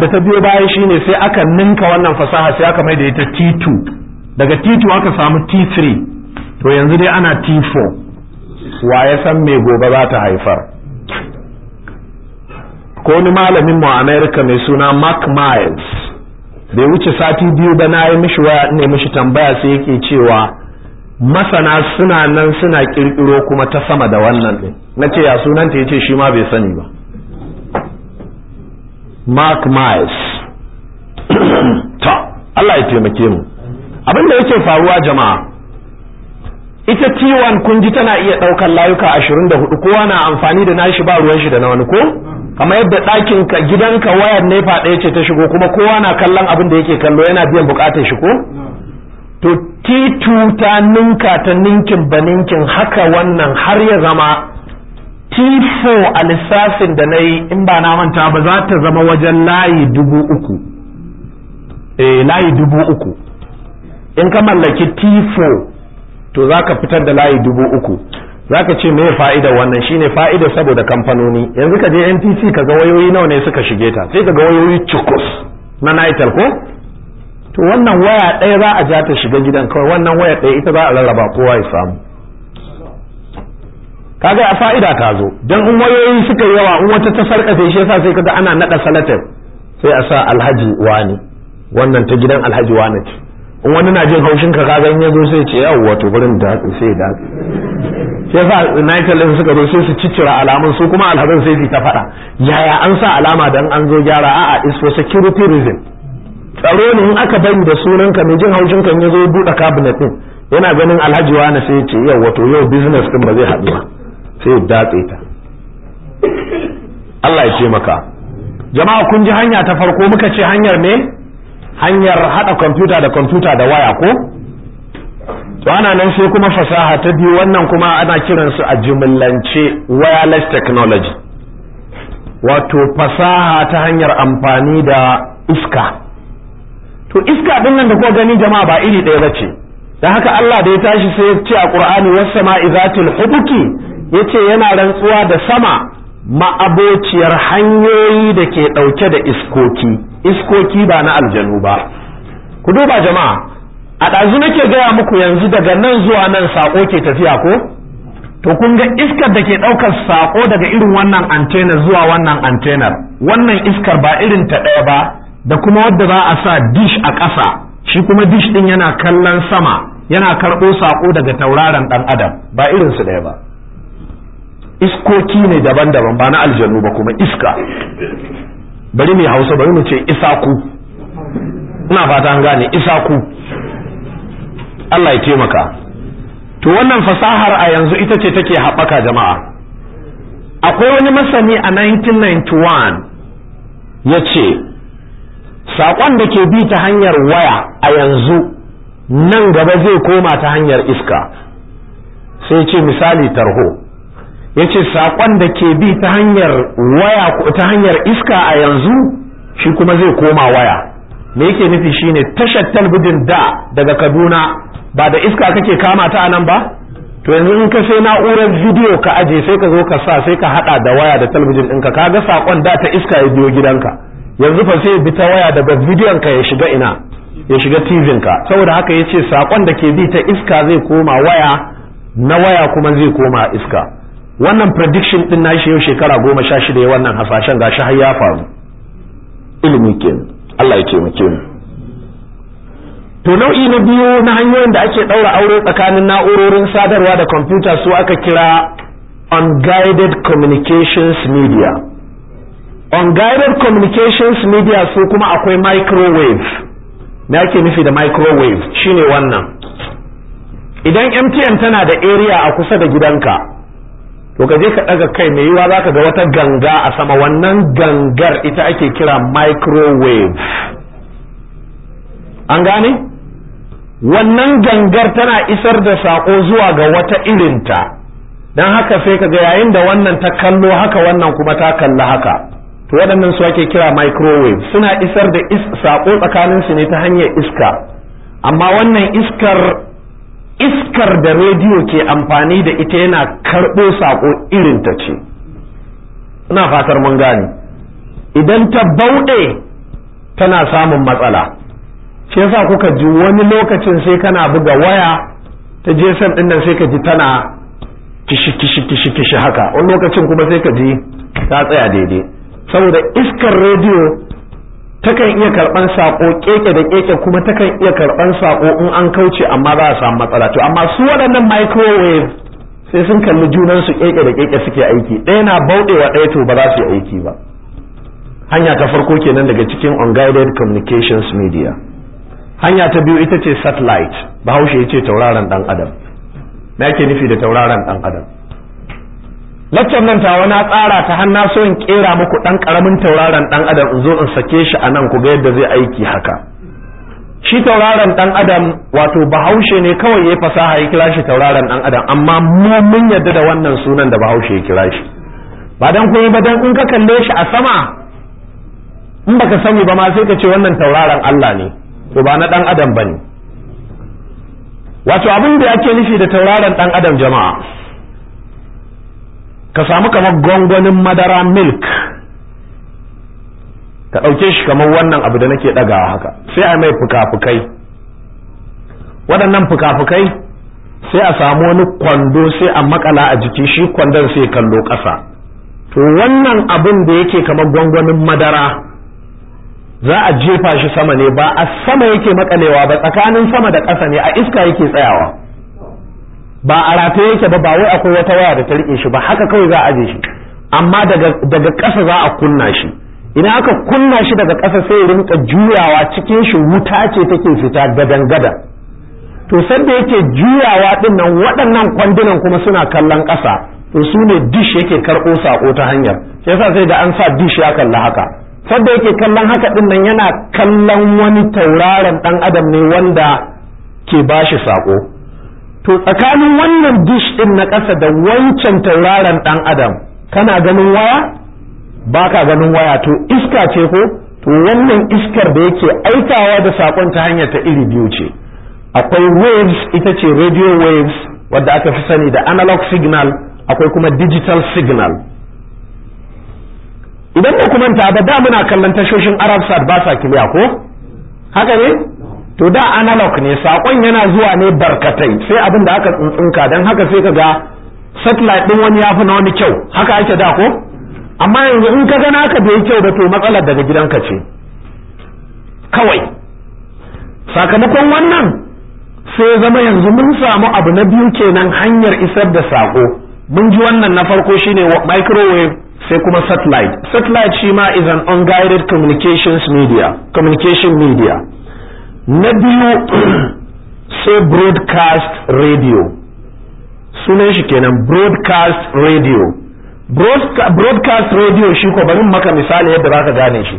da ta biyo baya shine sai aka ninka wannan fasaha sai aka mai da ita T2 daga T2 aka samu T3 to yanzu dai ana T4 wa ya san me gobe za ta haifar ko ni malamin mu America mai suna Mark Miles bai wuce sati biyu ba na yi mishi waya ne mishi tambaya sai yake cewa masana suna nan suna kirkiro kuma ta sama da wannan din nace ya sunanta yace shi ma bai sani ba mark miles ta Allah ya taimake mu abin da yake faruwa jama'a ita T1 kun ji tana iya ɗaukar layuka 24 kowa na amfani da nashi ba ruwan shi da na wani ko kama yadda ɗakin ka gidanka wayar nefa ɗaya ce ta shigo kuma kowa na kallon abin da yake kallo yana biyan bukatar shi ko to T2 ta ninka ta ninkin baninkin haka wannan har ya zama Tifo a lissafin da na yi in ba na manta ba za ta zama wajen layi dubu uku eh layi dubu uku in ka mallaki tifo to za ka fitar da layi dubu uku za ka ce mai fa'ida wannan shine fa'ida saboda kamfanoni yanzu ka je ntc ka ga wayoyi nawa ne suka shige ta sai ka ga wayoyi cukus na nitel ko to wannan waya ɗaya za a ja ta shiga gidan kawai wannan waya ɗaya ita za a rarraba kowa ya samu kaga a fa'ida ta zo dan in wayoyi suka yawa in wata ta sarkace shi yasa sai kaga ana nada salatin sai a sa alhaji wani wannan ta gidan alhaji wani ce in wani na jin haushin ka kaga in yazo sai ce yawwa wato gurin da sai da shi yasa United din suka zo sai su ciccira alamun su kuma alhazan sai su ta fada yaya an sa alama dan an zo gyara a'a is for security reason tsaro ne in aka bari da sunan ka mai jin haushin kan yazo buɗe cabinet din yana ganin alhaji wani sai ce yawwa wato yau business din ba zai haɗu ba sai ya datse ta Allah ya ce maka jama'a kun ji hanya ta farko muka ce hanyar me hanyar hada kwamfuta da kwamfuta da waya ko to ana nan sai kuma fasaha ta biyu wannan kuma ana kiran su a jimillance wireless technology wato fasaha ta hanyar amfani da iska to iska din nan da kuka gani jama'a ba iri ɗaya ba ce da haka Allah da ya tashi sai ya ce a Qur'ani was sama'i zatil hubuki yace yana rantsuwa da sama ma'abociyar hanyoyi da ke ɗauke da iskoki iskoki ba na aljanu ba ku duba jama'a a ɗazu nake gaya muku yanzu daga nan zuwa nan sako ke tafiya ko to kun ga iskar da ke ɗaukar saƙo daga irin wannan antena zuwa wannan antenar wannan iskar ba irin ta ɗaya ba da kuma wadda za a sa dish a ƙasa shi kuma dish ɗin yana kallon sama yana karɓo saƙo daga tauraron ɗan adam ba irin su ɗaya ba iskoki ne daban-daban ba na aljannu ba kuma iska bari mai hausa bari mu ce isaku ina fata an gane isaku Allah ya taimaka to wannan fasahar a yanzu ita ce take haɓaka jama'a akwai wani masani a 1991 ya ce saƙon da ke bi ta hanyar waya a yanzu nan gaba zai koma ta hanyar iska sai ce misali tarho yace saƙon da ke bi ta hanyar waya ta hanyar iska a yanzu shi kuma zai koma waya me yake nufi shine tashar talbijin da daga kaduna ba da iska kake kama ta nan ba to yanzu in ka sai na'urar bidiyo ka aje sai ka zo ka sa sai ka hada da waya da talbijin ɗinka ka ga saƙon da ta iska ya biyo gidanka yanzu fa sai bi ta waya daga bidiyon ka ya shiga ina ya shiga tvn ka saboda haka ya ce saƙon da ke bi ta iska zai koma waya na waya kuma zai koma iska wannan prediction din nashi yau shekara goma sha shida ya wannan hasashen gashi har ya faru ilimi ke Allah ya taimake mu to nau'i na biyu na hanyoyin da ake ɗaura aure tsakanin na'urorin sadarwa da kwamfuta su aka kira unguided communications media unguided communications media su kuma akwai microwave me ake nufi da microwave shine wannan idan mtn tana da area a kusa da gidanka to ka je ka ɗaga kai mai yiwa za ka ga wata ganga a sama wannan gangar ita ake kira microwave an gane wannan gangar tana isar da saƙo zuwa ga wata irinta don haka sai ka ga yayin da wannan ta kallo haka wannan kuma ta kalla haka to waɗannan su ake kira microwave suna isar da saƙo tsakaninsu ne ta hanyar iska amma wannan iskar iskar da rediyo ke amfani da ita yana karɓo saƙo irin ta ce ina fatar mun gane idan ta bauɗe tana samun matsala shi yasa kuka ji wani lokacin sai kana buga waya ta jesan ɗin nan sai ka ji tana kishi kishi kishi kishi haka wani lokacin kuma sai ka ji ta tsaya daidai saboda iskar rediyo takan iya karban sako keke da keke kuma takan iya karban sako in an kauce amma za a samu matsala to amma su waɗannan microwave sai sun kalli junan su keke da keke suke aiki ɗaya na bauɗewa ɗaya to ba za su yi aiki ba hanya ta farko kenan daga cikin unguided communications media hanya ta biyu ita ce satellite bahaushe ya ce tauraron dan adam me ake nufi da tauraron dan adam laccar nan tawa na tsara ta hanna so in kera muku dan karamin tauraron dan adam in zo in sake shi a nan ku ga yadda zai aiki haka shi tauraron dan adam wato bahaushe ne kawai ya fasaha ya kira shi tauraron dan adam amma mu mun yadda da wannan sunan da bahaushe ya kira shi ba dan kuma ba dan in ka kalle shi a sama in baka sani ba ma sai ka ce wannan tauraron Allah ne to ba na dan adam bane wato abin da ake nufi da tauraron dan adam jama'a ka samu kamar gwangwanin madara milk ka ɗauke shi kamar wannan abu da nake ɗagawa haka sai a mai fuka-fukai waɗannan fuka-fukai sai a samu wani kwando sai a makala a jiki shi kwandon sai kallo ƙasa to wannan abin da yake kamar gwangwanin madara za a jefa shi sama ne ba a sama yake makalewa ba tsakanin sama da ƙasa ne a iska yake tsayawa ba a rata yake ba ba wai akwai wata waya da ta rike shi ba haka kawai za a aje shi amma daga daga ƙasa za a kunna shi idan aka kunna shi daga ƙasa sai rinka juyawa cikin shi wuta ce take fita da dangada to sanda yake juyawa din nan waɗannan kwandunan kuma suna kallon ƙasa to su ne dish yake karɓo sako ta hanyar shi yasa sai da an sa dish ya kalla haka sanda yake kallon haka din nan yana kallon wani tauraron ɗan adam ne wanda ke bashi sako to tsakanin wannan dish din na ƙasa da wancan tauraron ɗan adam kana ganin waya ba ka ganin waya to iska ce ko to wannan iskar da yake aikawa da saƙon ta hanyar ta iri biyu ce akwai waves ita ce radio waves wadda aka fi sani da analog signal akwai kuma digital signal idan ba kuma manta ba da muna kallon tashoshin arab sat ba sa kiliya ko haka ne to da analog ne sakon yana zuwa ne barkatai sai abin da aka tsuntsunka don haka sai ka ga satellite ɗin wani ya fi na wani kyau haka ake da ko amma yanzu in ka gana ka bai kyau da to matsalar daga gidanka ce kawai sakamakon wannan sai zama yanzu mun samu abu na biyu kenan hanyar isar da saƙo mun ji wannan na farko shine microwave sai kuma satellite satellite shi ma is an unguided communications media communication media na biyu sai broadcast radio sunan shi kenan broadcast radio broadcast radio shi ko bari maka misali yadda ka gane shi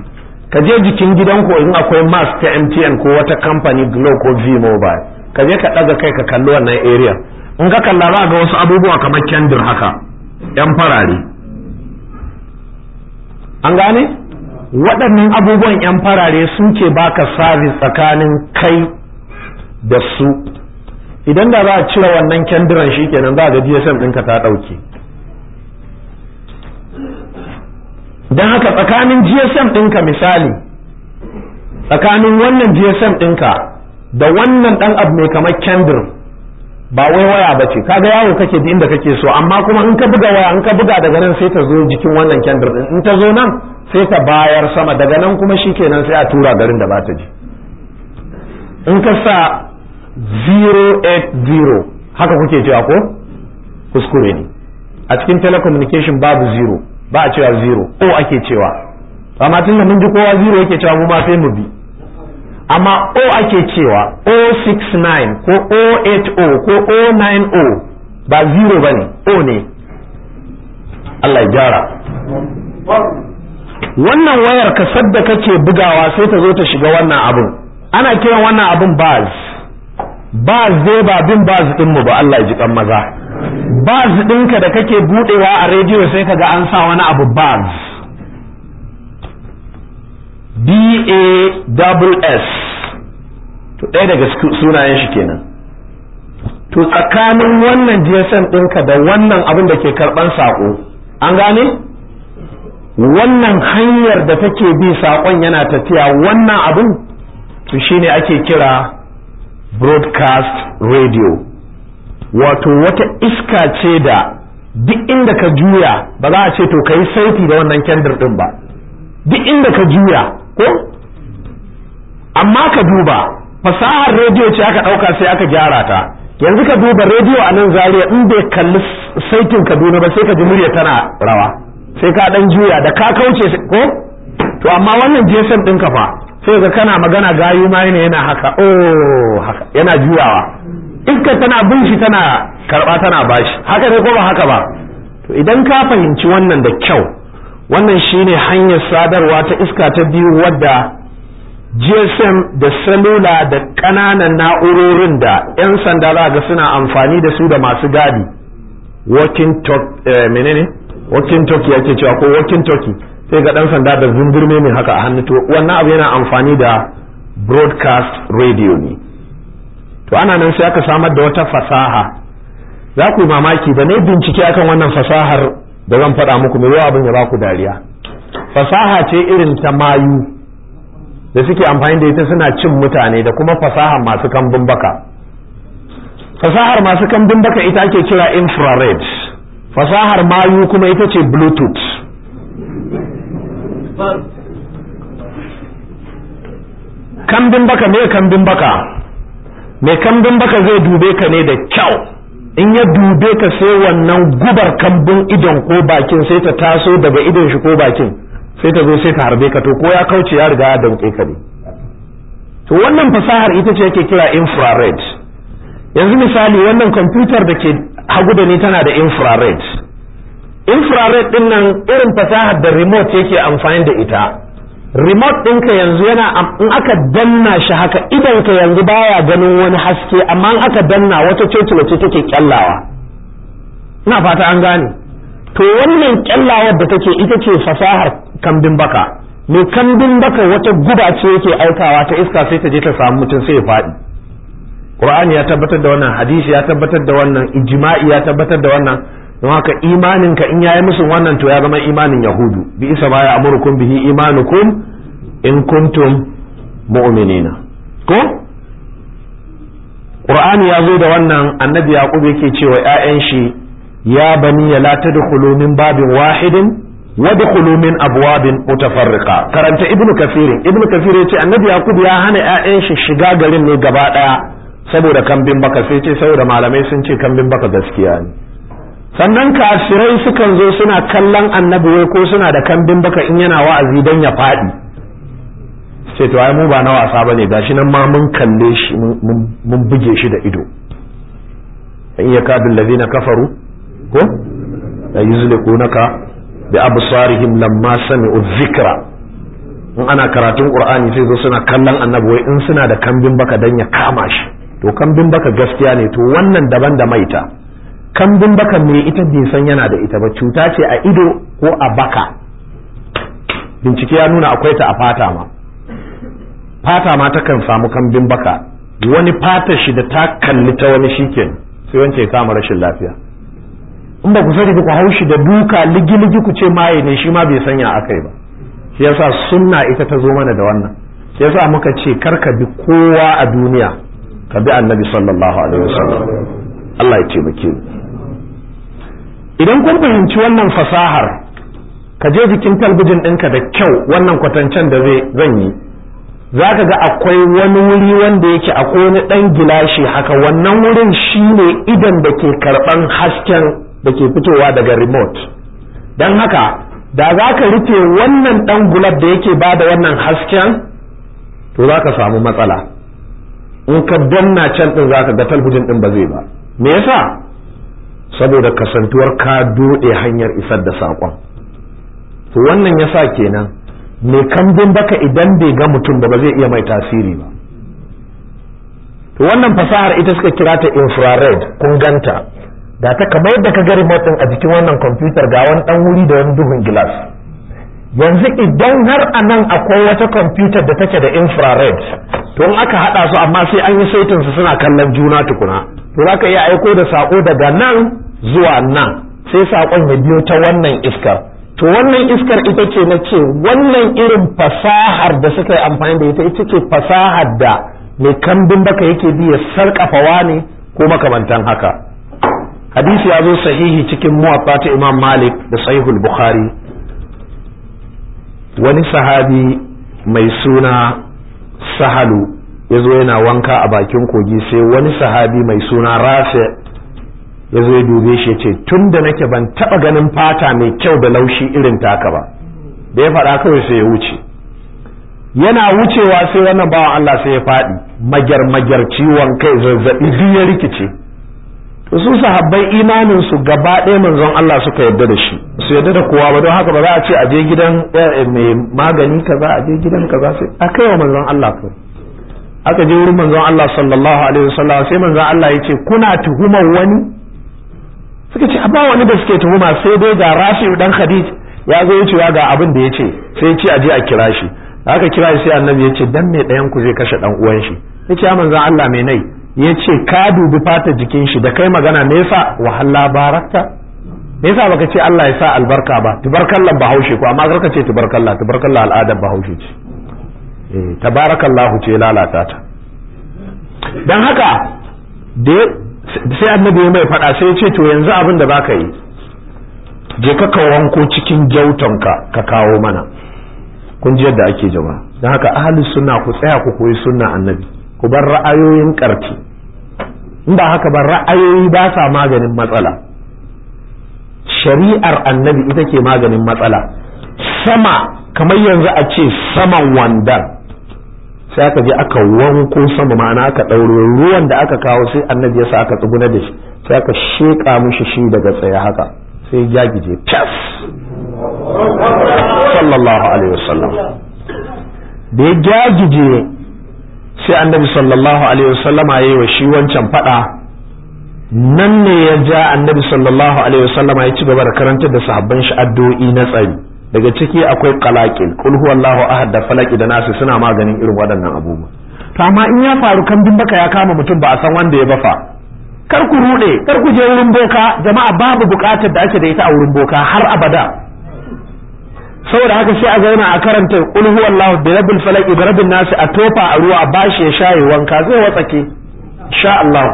ka je jikin gidan ko in akwai mas ta MTN ko wata kamfani Glo ko V Mobile ka je ka daga kai ka kalli wannan area in ka kalla za ga wasu abubuwa kamar kendir haka yan farare an gane waɗannan abubuwan 'yan farare ke baka sabis tsakanin kai da su idan da za a cire wannan kyandiran shi kenan za ga gsm ɗinka ta ɗauke don haka tsakanin gsm ɗinka misali tsakanin wannan gsm ɗinka da wannan ɗan abu mai kamar kyandir ba wai waya ba ce kaga yawo kake da inda kake so amma kuma in ka buga waya in ka buga daga nan sai ta zo jikin wannan kyandir ɗin in ta zo nan sai ta bayar sama daga nan kuma shi kenan sai a tura garin da ba ta ji in ka sa 080 haka kuke cewa ko kuskure ne a cikin telecommunication babu zero ba a cewa zero o ake cewa amma tun da mun ji kowa zero yake cewa mu sai mu bi amma o ake cewa 069 ko 080 ko 090 ba zero ba ne o ne Allah ya gyara wannan wayar kasar da kake bugawa sai ta zo ta shiga wannan abin ana kiran wannan abun baz baz zai ba bin baz din mu ba Allah ji kan maza baz ɗinka da kake budewa a rediyo sai kaga an sa wani abu baz B A S to ɗaya daga sunayen shi kenan to tsakanin wannan GSM ɗinka da wannan abin da ke karɓan saƙo an gane wannan hanyar da take bi saƙon yana tafiya wannan abin to shine ake kira broadcast radio wato wata iska ce da duk inda ka juya ba za a ce to kai saiti da wannan kendir din ba duk inda ka juya ko amma ka duba fasahar rediyo ce aka ɗauka sai aka gyara ta yanzu ka duba rediyo a nan zariya in bai kalli saitin kaduna ba sai ka ji murya tana rawa sai ka dan juya da ka kauce ko to amma wannan gsm ka fa sai ga kana magana gayu ma yana yana haka oh haka yana juyawa iska tana bin shi tana karba tana bashi haka ne ko ba haka ba to idan ka fahimci wannan da kyau wannan shine hanyar sadarwa ta iska ta biyu wadda GSM da salula da ƙananan na'urorin da 'yan sanda za ga suna amfani da su da masu gadi walking talk eh, menene walking talkie yake cewa ko walking talkie sai ga dan sanda da zungurme ne haka a hannu to wannan abu yana amfani da broadcast radio ne to ana nan sai aka samar da wata fasaha za ku yi mamaki da ne bincike akan wannan fasahar da zan faɗa muku mai abin ya ba ku dariya fasaha ce irin ta mayu da suke amfani da ita suna cin mutane da kuma fasahar masu kambun baka fasahar masu kambun baka ita ake kira infrared fasahar mayu kuma ita ce bluetooth kambin baka me kambin baka mai kambin baka zai dube ka ne da kyau in ya dube ka sai wannan gubar kambin idon ko bakin sai ta taso daga idon shi ko bakin sai ta zo sai ta harbe ka to ko ya kauce ya riga ya damƙe ka to wannan fasahar ita ce yake kira infrared yanzu misali wannan kwamfutar da ke hagu da ni tana da infrared infrared din nan irin fasahar da remote yake amfani da ita remote ɗinka yanzu yana in aka danna shi haka idanka yanzu baya ganin wani haske amma in aka danna wata cocila ce take kyallawa ina fata an gane to wannan kyallawar da take ita ce fasahar kambin baka mai kambin baka wata guba ce yake aikawa ta iska sai ta je ta samu mutum sai ya faɗi qur'ani ya tabbatar da wannan hadisi ya tabbatar da wannan ijma'i ya tabbatar da wannan don haka imanin ka in yayi musu wannan to ya zama imanin yahudu bi isa ya ya'murukum bihi imanukum in kuntum mu'minina ko qur'ani ya zo da wannan annabi yaqub yake cewa ƴaƴan shi ya bani ya la tadkhulu min babin wahidin wadkhulu min abwabin mutafarriqa karanta ibnu kafirin ibnu kafir yace annabi yaqub ya hana ƴaƴan shi shiga garin ne gaba daya saboda kambin baka sai ce saboda malamai sun ce kambin baka gaskiya ne sannan kafirai sukan zo suna kallon annabi wai ko suna da kambin baka in yana wa'azi dan ya faɗi ce to ai mu ba na wasa bane gashi nan ma mun kalle shi mun buge shi da ido in ya na ladina kafaru ko la yuzliqunaka bi absarihim lamma sami'u dhikra in ana karatun qur'ani sai zo suna kallon annabi wai in suna da kambin baka dan ya kama shi to kambin baka gaskiya ne to wannan daban da maita kambin baka mai ita bai san yana da ita ba cuta ce a ido ko a baka bincike ya nuna akwai ta a fata ma fata ma takan samu kambin baka wani fata shi da ta kalli ta wani shiken sai wance ya kama rashin lafiya in ba ku sani ba ku hau shi da duka ligi-ligi ku ce maye ne shi ma bai sanya akai ba shi yasa sunna ita ta zo mana da wannan shi yasa muka ce karka bi kowa a duniya ka bi annabi sallallahu alaihi wasallam Allah ya taimake mu idan kun fahimci wannan fasahar ka je jikin talbijin ɗinka da kyau wannan kwatancen da zan yi za ka ga akwai wani wuri wanda yake akwai wani ɗan gilashi haka wannan wurin shine ne idan da ke karɓan hasken da ke fitowa daga remote don haka da za ka rufe wannan ɗan gulab da yake ba da wannan hasken to za ka samu matsala in ka danna can din zaka ga talhujin din ba zai ba me yasa saboda kasantuwar ka dode hanyar isar da saƙon to wannan yasa kenan mai kambin baka idan bai ga mutum ba ba zai iya mai tasiri ba to wannan fasahar ita suka kira ta infrared kun ganta da ta kamar yadda ka ga remote a jikin wannan computer ga wani dan wuri da wani duhun gilas yanzu idan har a nan akwai wata kwamfutar da take da infrared to in aka haɗa su amma sai an yi saitin su suna kallon juna tukuna to za ka iya aiko da sako daga nan zuwa nan sai sakon ya biyo ta wannan iskar to wannan iskar ita ce na ce wannan irin fasahar da suka yi amfani da ita ita ce fasahar da mai kambin baka yake bi ya sarkafawa ne ko makamantan haka hadisi ya zo sahihi cikin muwatta ta imam malik da sahihul bukhari wani sahabi mai suna sahalu ya zo yana wanka a bakin kogi sai wani sahabi mai suna Rafe ya zo ya dube shi ce tun da nake ban taba ganin fata mai kyau da laushi irin taka ba da ya faɗa kawai sai ya wuce yana wucewa sai wannan bawan Allah sai ya faɗi magyar magyar ciwon kai zazzabi duk ya rikice to su sahabbai imanin su gaba ɗaya manzon Allah suka yarda da shi su yarda da kowa ba don haka ba za a ce a je gidan eh, mai magani kaza a je gidan kaza sai a kai wa manzon Allah ko aka je wurin manzon Allah sallallahu alaihi wasallam sai manzon Allah ya ce kuna tuhumar wani suka ce ba wani da suke tuhuma sai dai ga Rashid dan Khadij ya zo ya ga abin da ya ce sai ya ce a je a kira shi haka kira shi sai annabi ya ce dan mai ɗayan ku zai kashe dan uwan shi ya ce manzon Allah mai nai ya ce ka dubi fata jikin shi da kai magana me yasa wahalla barakta me yasa baka ce Allah ya sa albarka ba tubarkallan bahaushe ko amma garka ce tubarkalla tubarkalla al'adar bahaushe ce eh tabarakallahu ce lalata ta dan haka da sai annabi ya mai fada sai ya ce to yanzu abin da baka yi je ka ka wanko cikin gyautanka ka kawo mana kun ji yadda ake jama'a dan haka ahli sunna ku tsaya ku koyi sunna annabi ku bar ra'ayoyin karfi in ba haka ba ra'ayoyi ba sa maganin matsala shari'ar annabi ita ke maganin matsala sama kamar yanzu a ce saman wandan sai aka je aka wanko sama ma'ana aka ɗaure ruwan da aka kawo sai annabi ya sa aka tsuguna da shi sai aka sheƙa mushi shi daga tsaye haka sai ya gije tas sallallahu alaihi wasallam da ya gajije sai annabi sallallahu alaihi wasallama yayi wa shi wancan fada nan ne ya ja annabi sallallahu alaihi wasallama ya ci gaba da karantar da sahabban shi addu'o'i na tsari daga ciki akwai qalaqil qul huwallahu ahad da falaki da nasu suna maganin irin waɗannan abubuwa to amma in ya faru kambin baka ya kama mutum ba a san wanda ya bafa kar ku rude kar ku je wurin boka jama'a babu bukatar da ake da ita a wurin boka har abada saboda haka sai a zauna a karanta ulhu wallahu bi rabbil falaq bi rabbin nasi a tofa a ruwa bashi ya shaye wanka zai watsake insha Allah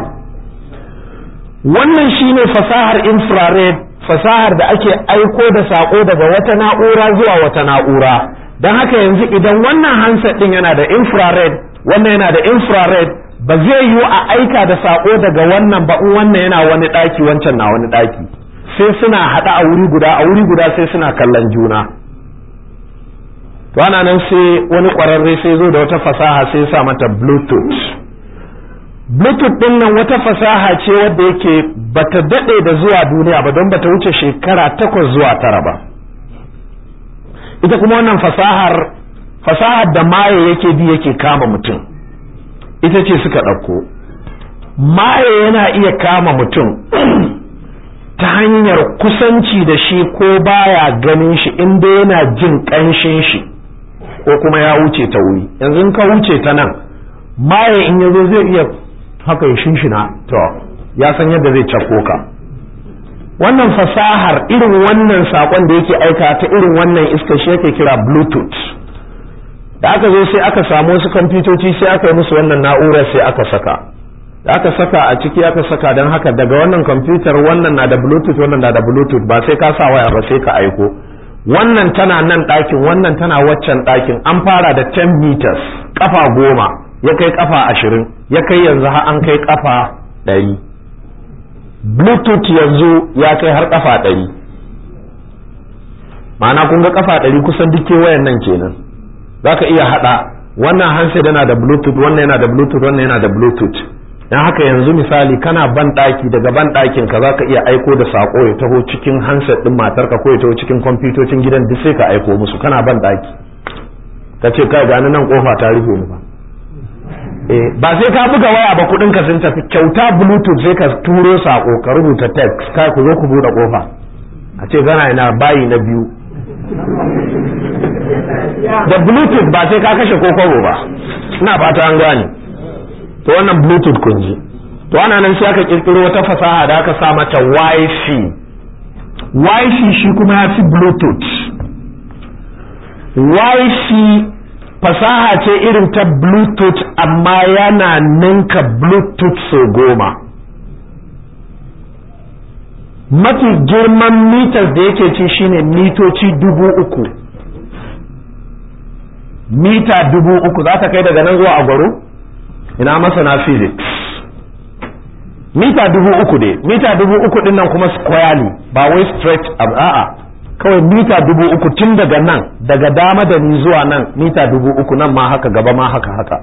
wannan shine fasahar infrared fasahar da ake aiko da sako daga wata na'ura zuwa wata na'ura dan haka yanzu idan wannan handset din yana da infrared wannan yana da infrared ba zai yiwu a aika da sako daga wannan ba wannan yana wani daki wancan na wani daki sai suna hada a wuri guda a wuri guda sai suna kallon juna to ana nan sai wani kwararre sai zo da wata fasaha sai sa mata bluetooth bluetooth din nan wata fasaha ce wadda yake bata daɗe da zuwa duniya ba don bata wuce shekara takwas zuwa tara ba ita kuma wannan fasahar fasahar da maye yake bi yake kama mutum ita ce suka ɗauko maye yana iya kama mutum ta hanyar kusanci da shi ko baya ganin shi inda yana jin ƙanshin shi ko kuma ya wuce ta wuri yanzu in ka wuce ta nan bayan in yazo zai iya haka ya shinshina to ya san yadda zai cako ka wannan fasahar irin wannan sakon da yake aika ta irin wannan iska shi yake kira bluetooth da aka zo sai aka samu wasu kwamfutoci sai aka yi musu wannan na'urar sai aka saka da aka saka a ciki aka saka don haka daga wannan kwamfutar wannan na da bluetooth wannan na da bluetooth ba sai ka sa waya ba sai ka aiko wannan tana nan ɗakin wannan tana waccan ɗakin an fara da 10 meters ƙafa goma ya kai kafa ashirin ya kai yanzu har an kai kafa ɗari bluetooth yanzu ya kai har ƙafa ɗari ma'ana kun ga kafa ɗari kusan duk kewayen nan kenan za ka iya haɗa wannan handset yana da bluetooth wannan yana da bluetooth wannan yana da bluetooth don haka yanzu misali kana ban ɗaki daga ban ɗakin ka zaka iya aiko da sako ya taho cikin handset din matarka ko ya taho cikin kwamfutocin gidan duk sai ka aiko musu kana ban ɗaki ka ce kai gani nan kofa ta rufe ni ba eh, ba sai ka buga waya ba kuɗin ka sun tafi kyauta bluetooth sai ka turo sako ka rubuta text kai ku zo ku buɗe kofa a ce gana ina bayi na biyu da bluetooth ba sai ka kashe ko ba ina fata an gane to wannan bluetooth kun ji to ana nan sai aka kirkiro wata fasaha da aka sa mata wifi wifi shi kuma ya fi bluetooth wifi fasaha ce irin ta bluetooth amma yana ninka bluetooth sau goma mafi girman mitas da yake ci shine mitoci dubu uku mita dubu uku za ta kai daga nan zuwa agwaro ina masana physics mita dubu uku ne mita dubu uku din nan kuma ne ba wai straight a'a kawai mita dubu uku tun daga nan daga dama da ni zuwa nan mita dubu uku nan ma haka gaba ma haka haka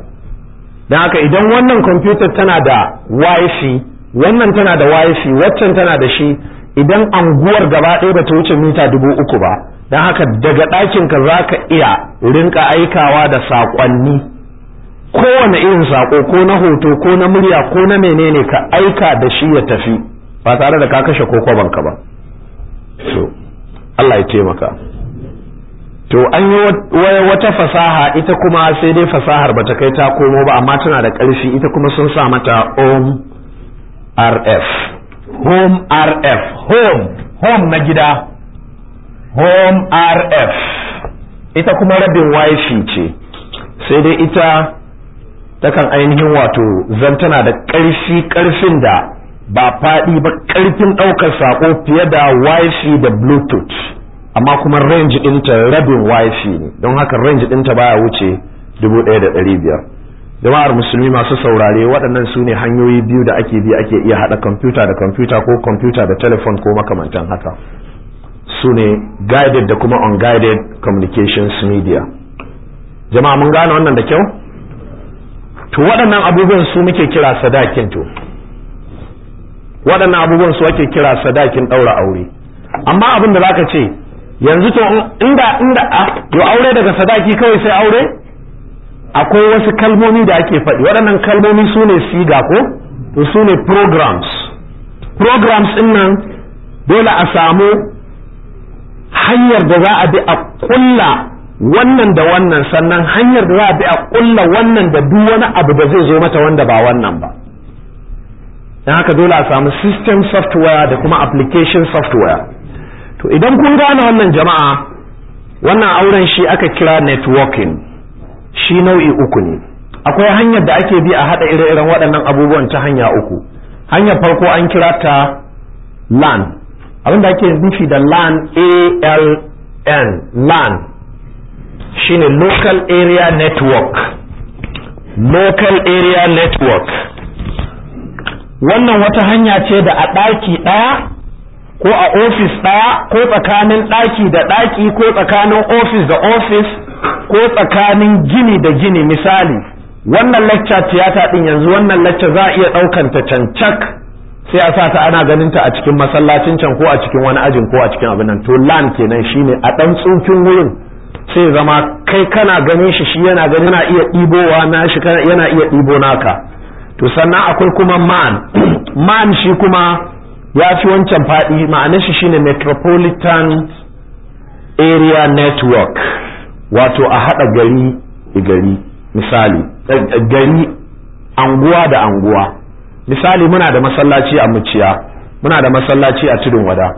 don haka idan wannan kwamfutar tana da wifi wannan tana da wifi waccan tana da shi idan anguwar gaba ɗaya bata wuce mita dubu uku ba don haka daga ɗakinka za ka iya rinka aikawa da saƙonni kowane irin sako ko na hoto ko na murya ko na menene ka aika da shi ya tafi ba tare da ka kashe ko ka ba so Allah ya taimaka to an yi wata fasaha ita kuma sai dai fasahar bata kai ta komo ba amma tana da ƙarfi ita kuma sun sa mata om rf home rf home home na gida home rf ita kuma rabin wifi ce sai dai ita takan ainihin wato zantana da ƙarfi ƙarfin da ba faɗi ba ƙarfin ɗaukar saƙo fiye da wifi da bluetooth amma kuma range ɗinta rabin wifi ne don haka range ɗinta baya wuce dubu ɗaya da ɗari biyar. jama'ar musulmi masu saurare waɗannan su ne hanyoyi biyu da ake bi ake iya haɗa kwamfuta da kwamfuta ko kwamfuta da telefon ko makamantan haka su ne guided da kuma unguided communications media jama'a mun gane wannan da kyau to waɗannan abubuwan su muke kira sadakin to waɗannan abubuwan su ake kira sadakin ɗaura aure amma abin da za ka ce yanzu to inda inda a ah, aure daga sadaki kawai sai aure akwai wasu kalmomi da ake faɗi waɗannan kalmomi su ne siga ko to su ne programs programs ɗin nan dole a samu hanyar da za a bi a kulla wannan da wannan sannan hanyar da za a bi a kulla wannan da duk wani abu da zai zo mata wanda ba wannan ba don haka dole a samu system software da kuma application software to idan kun gane wannan jama'a wannan auren shi aka kira networking shi nau'i uku ne akwai hanyar da ake bi a haɗa ire-iren waɗannan abubuwan ta hanya uku hanyar farko an kira ta lan abinda ake nufi da lan a l n lan shine local area network local area network wannan wata hanya ce da a ɗaki ɗaya ko a ofis ɗaya ko tsakanin ɗaki da ɗaki ko tsakanin ofis da ofis ko tsakanin gini da gini misali wannan lacca tiyata ɗin yanzu wannan lacca za a iya ɗaukanta cancak sai a sa ta ana ganin ta a cikin masallacin can ko a cikin wani ajin ko a cikin abin nan to lan kenan shine a ɗan tsunkin wurin sai zama kai kana ganin shi shi yana gani yana iya ɗibowa na shi yana iya ɗibo naka to sannan akwai kuma man man shi kuma ya fi wancan faɗi ma'anar shi shine metropolitan area network wato a haɗa gari gari misali eh, eh, gari anguwa da anguwa misali muna da masallaci a muciya muna da masallaci a tudun wada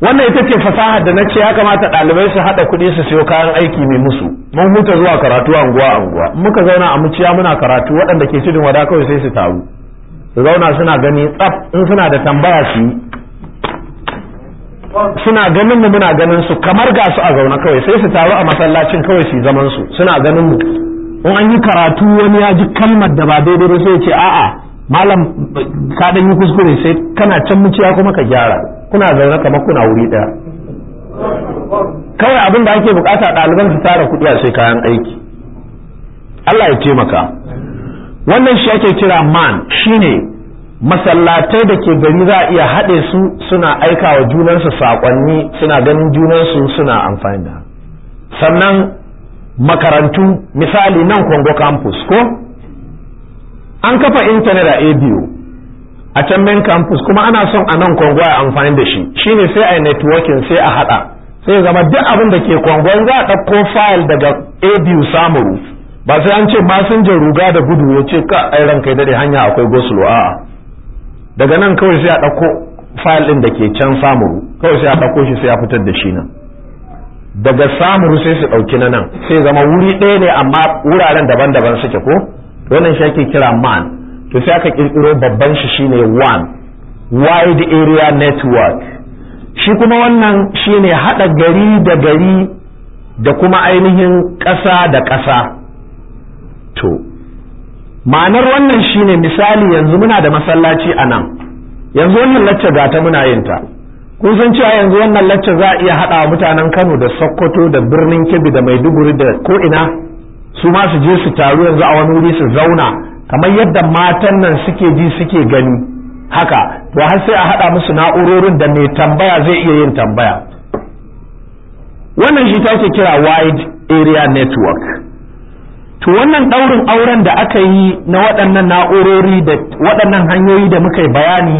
wannan ita ce fasahar da na ce ya kamata ɗalibai su haɗa kuɗi su siyo kayan aiki mai musu mun huta zuwa karatu anguwa anguwa muka zauna a muciya muna karatu waɗanda ke tudun wada kawai sai su taru su zauna suna gani tsaf in suna da tambaya su yi suna ganin mu muna ganin su kamar ga su a zauna kawai sai su taru a masallacin kawai su zaman su suna ganin mu in an yi karatu wani ya ji kalmar da ba daidai ba sai ya ce a'a malam ka dan yi kuskure sai kana can muciya kuma ka gyara kuna zaune kamar kuna wuri ɗaya kawai abin da ake bukata ɗaliban su tara kuɗi a sai kayan aiki Allah ya taimaka wannan shi ake kira man shine masallatai da ke gari za a iya haɗe su suna aika wa junansu saƙonni suna ganin junansu suna amfani da sannan makarantu misali nan kwango campus ko an kafa intanet a abu a can main campus kuma ana son a nan kwangwa ya amfani da shi shine sai a yi networking sai a haɗa sai zama duk abin da ke kwangon za a ɗauko fayil daga abu samuru ba sai an ce masinjan ruga da gudu ya ce ka ai kai dade hanya akwai gosulo a daga nan kawai sai a ɗauko fayil ɗin da ke can samuru kawai sai a ɗauko shi sai a fitar da shi nan daga samuru sai su ɗauki na nan sai zama wuri ɗaya ne amma wuraren daban-daban suke ko wannan shi ake kira man to sai aka kirkiro babban shi shine one wide area network shi kuma wannan shine hada gari da gari da kuma ainihin ƙasa da ƙasa to ma'anar wannan shine misali yanzu muna da masallaci a nan yanzu wannan lacce ga ta muna yin ta kun san cewa yanzu wannan lacce za a iya haɗa mutanen Kano da Sokoto da birnin Kebbi da Maiduguri da ko ina su ma su je su taru yanzu a wani wuri su zauna kamar yadda matan nan suke ji suke gani haka to har sai a haɗa musu na'urorin da mai tambaya zai iya yin tambaya wannan shi ta ke kira wide area network to wannan ɗaurin auren da aka yi na waɗannan na'urori da waɗannan hanyoyi da muka yi bayani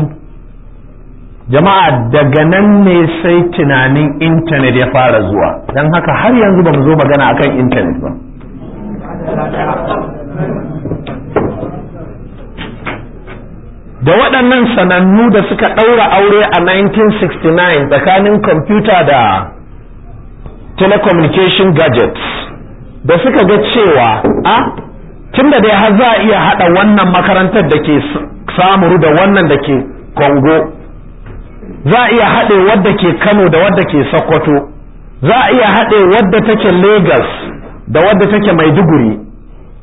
jama'a daga nan ne sai tunanin intanet ya fara zuwa don haka har yanzu ba mu zo magana akan intanet ba da waɗannan sanannu da suka ɗaura aure a 1969 tsakanin kwamfuta da telecommunication gadgets da suka ga cewa a da dai har za a iya haɗa wannan makarantar da ke samuru da wannan da ke kongo za a iya haɗe wadda ke kano da wadda ke sokoto za a iya haɗe wadda take lagos da wadda take maiduguri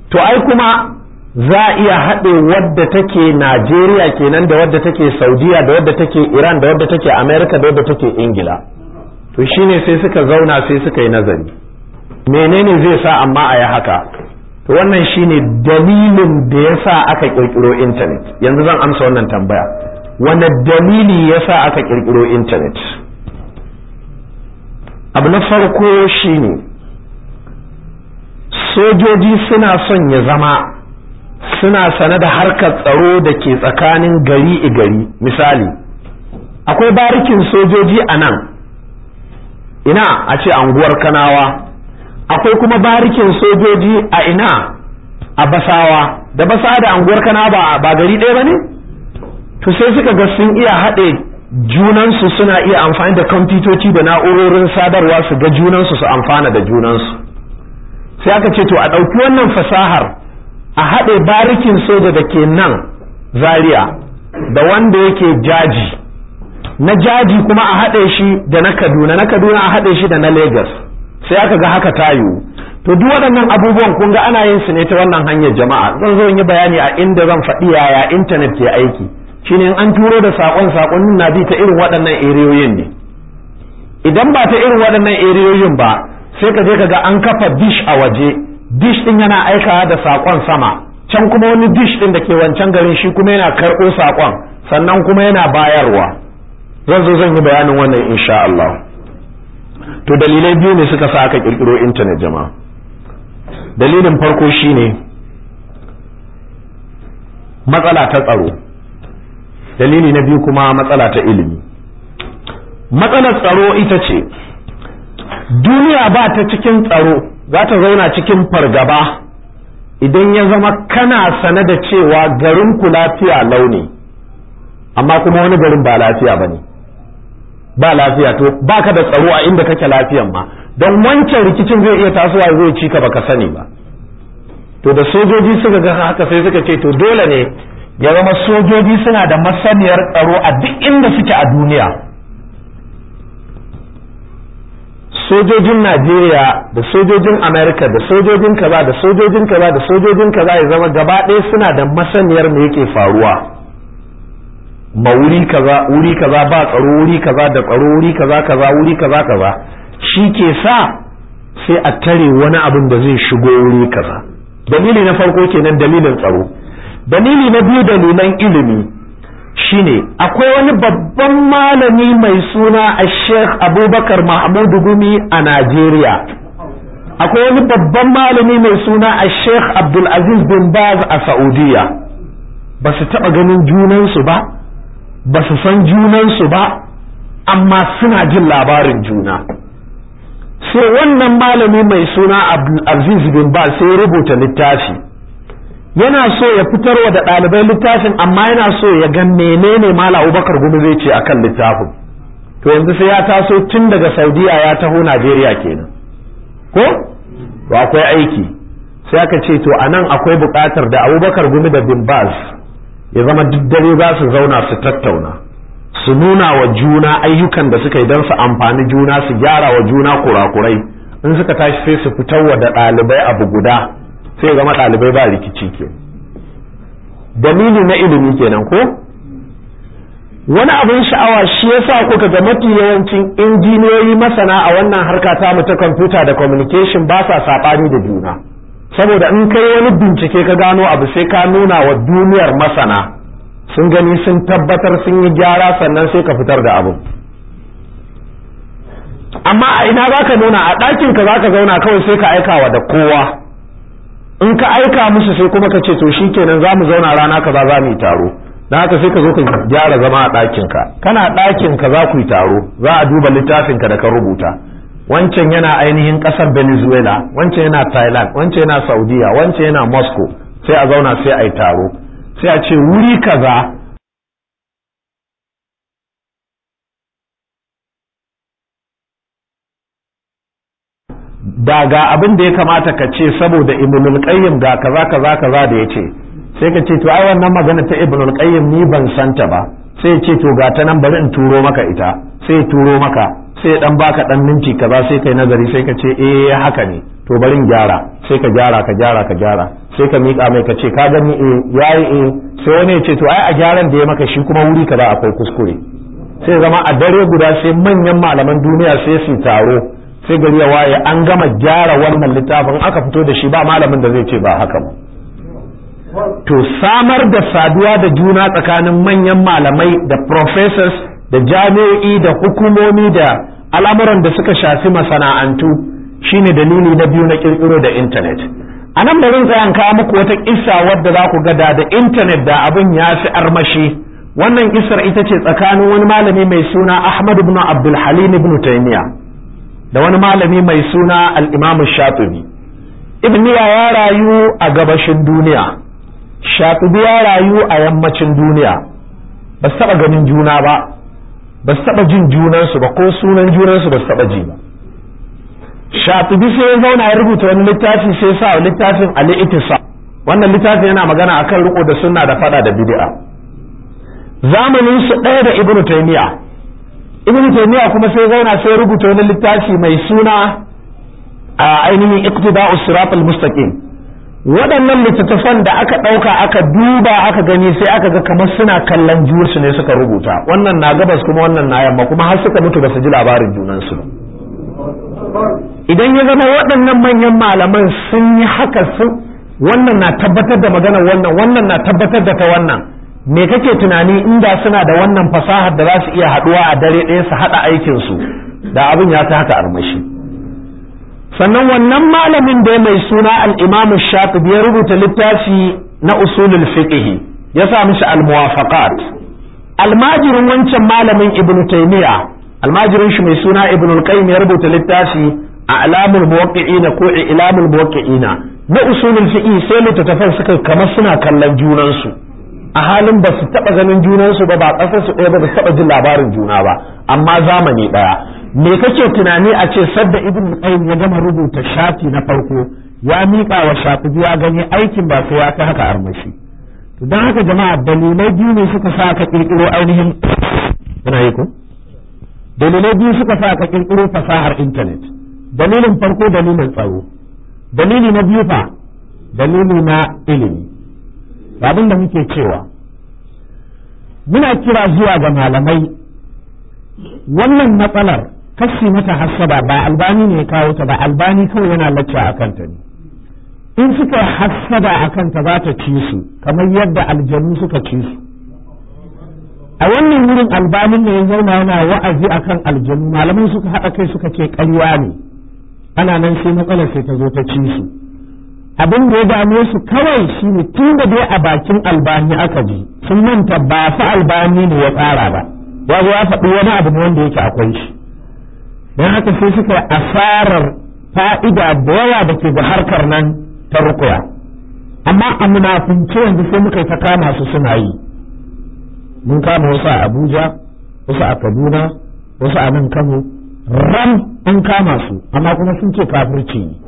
to ai kuma za a iya haɗe wadda take najeriya kenan da wadda take saudiya da wadda take iran da wadda take amerika da wadda take ingila to shi ne sai suka zauna sai suka yi nazari menene zai sa amma a yi haka to wannan shi ne dalilin da ya sa aka ƙirƙiro intanet yanzu zan amsa wannan tambaya Wani dalili ya sa aka ƙirƙiro intanet abu na farko shi ne. sojoji suna son ya zama suna sane da harkar tsaro da ke tsakanin gari e gari misali akwai barikin sojoji a nan ina a ce anguwar kanawa akwai kuma barikin sojoji a ina a basawa da basa da anguwar kanawa ba, gari ɗaya ba ne to sai suka ga sun iya haɗe junansu suna iya amfani da kwamfutoci da na'urorin sadarwa su ga junansu su amfana da junansu sai aka ce to a ɗauki wannan fasahar a haɗe barikin soja da ke nan zaria da wanda yake jaji na jaji kuma a haɗe shi da na kaduna na kaduna a haɗe shi da na lagos sai aka ga haka tayu to duk waɗannan abubuwan kun ga ana yin su ne ta wannan hanyar jama'a zan zo yi bayani a inda zan faɗi yaya intanet ke aiki shine an turo da saƙon saƙon na bi ta irin waɗannan eriyoyin ne idan ba ta irin waɗannan eriyoyin ba sai ka je ka ga an kafa dish a waje dish din yana aikawa da sakon sama can kuma wani dish din da ke wancan garin shi kuma yana karɓo sakon sannan kuma yana bayarwa zan zo zan yi bayanin wannan insha Allah to dalilai biyu ne suka sa aka kirkiro intanet jama'a dalilin farko shine matsala ta tsaro dalili na biyu kuma matsala ta ilimi matsalar tsaro ita ce duniya ba ta cikin tsaro za ta zauna cikin fargaba idan ya zama kana sane da cewa garin ku lafiya launi amma kuma wani garin ba lafiya ba ne ba lafiya to ba ka da tsaro a inda kake lafiyan ma don wancan rikicin zai iya tasowa zai ci ka baka sani ba to da sojoji suka ga haka sai suka ce to dole ne ya zama sojoji suna da masaniyar tsaro a duk inda suke a duniya sojojin Najeriya da sojojin Amerika da sojojin kaza da sojojin kaza da sojojin kaza ya zama gaba ɗaya suna da masaniyar me yake faruwa ma wuri kaza wuri kaza ba tsaro wuri kaza da tsaro wuri kaza kaza wuri kaza kaza shi ke sa sai a tare wani abin da zai shigo wuri kaza dalili na farko kenan dalilin tsaro dalili na biyu dalilan ilimi shine akwai wani babban malami mai suna a sheikh abubakar mahmudu gumi a najeriya akwai wani babban malami mai suna a sheikh abdulaziz bin baz a saudiya ba su taɓa ganin junansu ba ba su san junansu ba amma suna jin labarin juna sai wannan malami mai suna abdulaziz bin baz sai rubuta littafi yana so ya fitarwa da ɗalibai littafin amma yana so ya ga menene mala abubakar gumi zai ce akan littafin to yanzu sai ya taso tun daga saudiya ya taho najeriya kenan ko to akwai aiki sai aka ce to anan akwai buƙatar da abubakar gumi da bin baz ya zama duk dare za su zauna su tattauna su nuna wa juna ayyukan da suka yi don su amfani juna su gyara wa juna kurakurai in suka tashi sai su fitarwa da ɗalibai abu guda sai zama ɗalibai ba rikici ke dalili na ilimi kenan ko wani abin sha'awa shi yasa kuka ga mafi yawancin injiniyoyi masana a wannan harka ta mu ta kwamfuta da communication ba sa saɓani da juna saboda in kai wani bincike ka gano abu sai ka nuna wa duniyar masana sun gani sun tabbatar sun yi gyara sannan sai ka fitar da abu amma a ina za ka nuna a ɗakin ka za ka zauna kawai sai ka aikawa da kowa in ka aika musu sai kuma ka ce to shikenan za mu zauna rana kaza za mu yi taro na haka sai ka zo ka gyara zama a ɗakin ka kana ɗakin ka za ku yi taro za a duba littafin ka da ka rubuta wancan yana ainihin ƙasar Venezuela wancan yana Thailand wancan yana Saudiya wancan yana Moscow sai a zauna sai a yi taro sai a ce wuri kaza da ga abin da ya kamata ka ce saboda ibnul qayyim ga kaza kaza kaza da yace sai ka ce to ai wannan magana ta ibnul qayyim ni ban san ta ba sai ya ce to ga ta nan bari in turo maka ita sai turo maka sai dan baka dan minti kaza sai kai nazari sai ka ce eh haka ne to bari in gyara sai ka gyara ka gyara ka gyara sai ka miƙa mai ka ce ka gani eh yayi eh sai wani ya ce to ai a gyaran da ya maka shi kuma wuri kaza akwai kuskure sai zama a dare guda sai manyan malaman duniya sai su taro sai gari ya waye an gama gyara wannan littafin aka fito da shi ba malamin da zai ce ba haka to samar da saduwa da juna tsakanin manyan malamai da professors da jami'o'i da hukumomi da al'amuran da suka shafi masana'antu shine dalili na biyu na kirkiro da intanet a nan da zan tsaya an kawo muku wata kissa wadda za ku gada da intanet da abin ya fi armashi wannan kissar ita ce tsakanin wani malami mai suna ahmad ibn abdul halim ibn taymiyyah da wani malami mai suna al shafi Shatibi ibn ya rayu a gabashin duniya Shatibi ya rayu a yammacin duniya ba su taba ganin juna ba ba su taba jin junansu ba ko sunan junansu ba su taba ji ba Shatibi sai ya zauna ya rubuta wani littafi sai sa littafin al-Ittisa wannan littafin yana magana akan riko da sunna da fada da bid'a zamanin su ɗaya da Ibn Taymiyyah ibn taymiya kuma sai zauna sai rubuta wani littafi mai suna a ainihin iqtida'us siratal mustaqim waɗannan littattafan da aka ɗauka aka duba aka gani sai aka ga kamar suna kallon junansu ne suka rubuta wannan na gabas kuma wannan na yamma kuma har suka mutu ba su ji labarin junansu idan ya zama waɗannan manyan malaman sun yi haka su wannan na tabbatar da maganar wannan wannan na tabbatar da ta wannan me kake tunani inda suna da wannan fasahar da za su iya haɗuwa a dare ɗaya su haɗa aikinsu da abin ya ta haka armashi sannan wannan malamin da mai suna al-imam shatibi ya rubuta littafi na usulul fiqh ya sa mishi al almajirin wancan malamin ibnu taymiya almajirin shi mai suna ibnu al-qayyim ya rubuta littafi a'lamul muwaqqi'ina ko i'lamul muwaqqi'ina na usulul fiqh sai littattafan suka kamar suna kallon junansu a halin ba su taɓa ganin junansu ba ba ƙasar su ɗaya ba ba su taɓa jin labarin juna ba amma zamani ɗaya me kake tunani a ce sadda ibn qayyim ya gama rubuta shafi na farko ya miƙa wa shafi ya gani aikin ba sai ya kai haka armashi to haka jama'a dalilai biyu ne suka sa ka kirkiro ainihin kuna yi ko dalilai biyu suka sa ka kirkiro fasahar intanet dalilin farko dalilin tsaro dalili na biyu fa dalili na ilimi abin da muke cewa muna kira zuwa ga malamai wannan matsalar kashi mata hassada ba albani ne ya kawo ta ba albani kawai yana lacca a kanta ne in suka hassada a kanta za ta ci su kamar yadda aljanu suka ci su a wannan wurin albanin ne ya zauna yana wa'azi akan aljanu malamai suka haɗa kai suka ce ƙarya ne ana nan sai matsalar sai ta zo ta ci su abin da ya dame su kawai shi ne tun da dai a bakin albani aka ji sun manta ba fa albani ne ya tsara ba ya zo ya faɗi wani abu ne wanda yake akwai shi don haka sai suka asarar fa'ida da yawa da ke ga harkar nan ta rukuya amma a munafunci yanzu sai muka yi ta kama su suna yi mun kama wasu a abuja wasu a kaduna wasu a nan kano ram an kama su amma kuma sun ce kafirci ne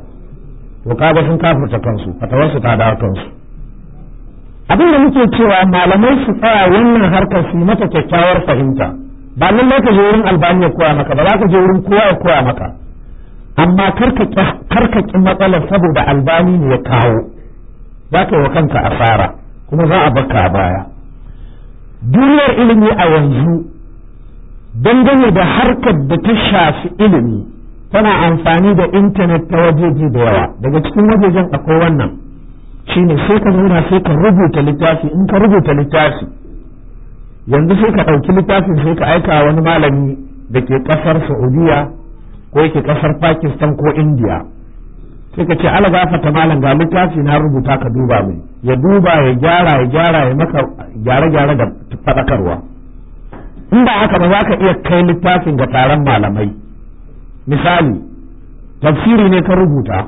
to kaga sun kafirta kansu su ta dawo kansu abin da muke cewa malamai su tsaya wannan harkar su mata kyakkyawar fahimta ba lallai ka je wurin albaniya ya koya maka ba za ka je wurin kowa ya koya maka amma karka ki matsalar saboda albani ne ya kawo za ka yi wa kanka asara kuma za a baka a baya duniyar ilimi a yanzu dangane da harkar da ta shafi ilimi tana amfani da intanet ta wajeji da yawa daga cikin wajejen akwai wannan shi ne sai ka zauna sai ka rubuta littafi in ka rubuta littafi yanzu sai ka ɗauki littafin sai ka aika wani malami da ke ƙasar saudiya ko yake ƙasar pakistan ko india sai ka ce ala ta malam ga littafi na rubuta ka duba mai ya duba ya gyara ya gyara ya maka gyare-gyare da faɗakarwa in ba haka ba za ka iya kai littafin ga taron malamai misali tafsiri ne ka rubuta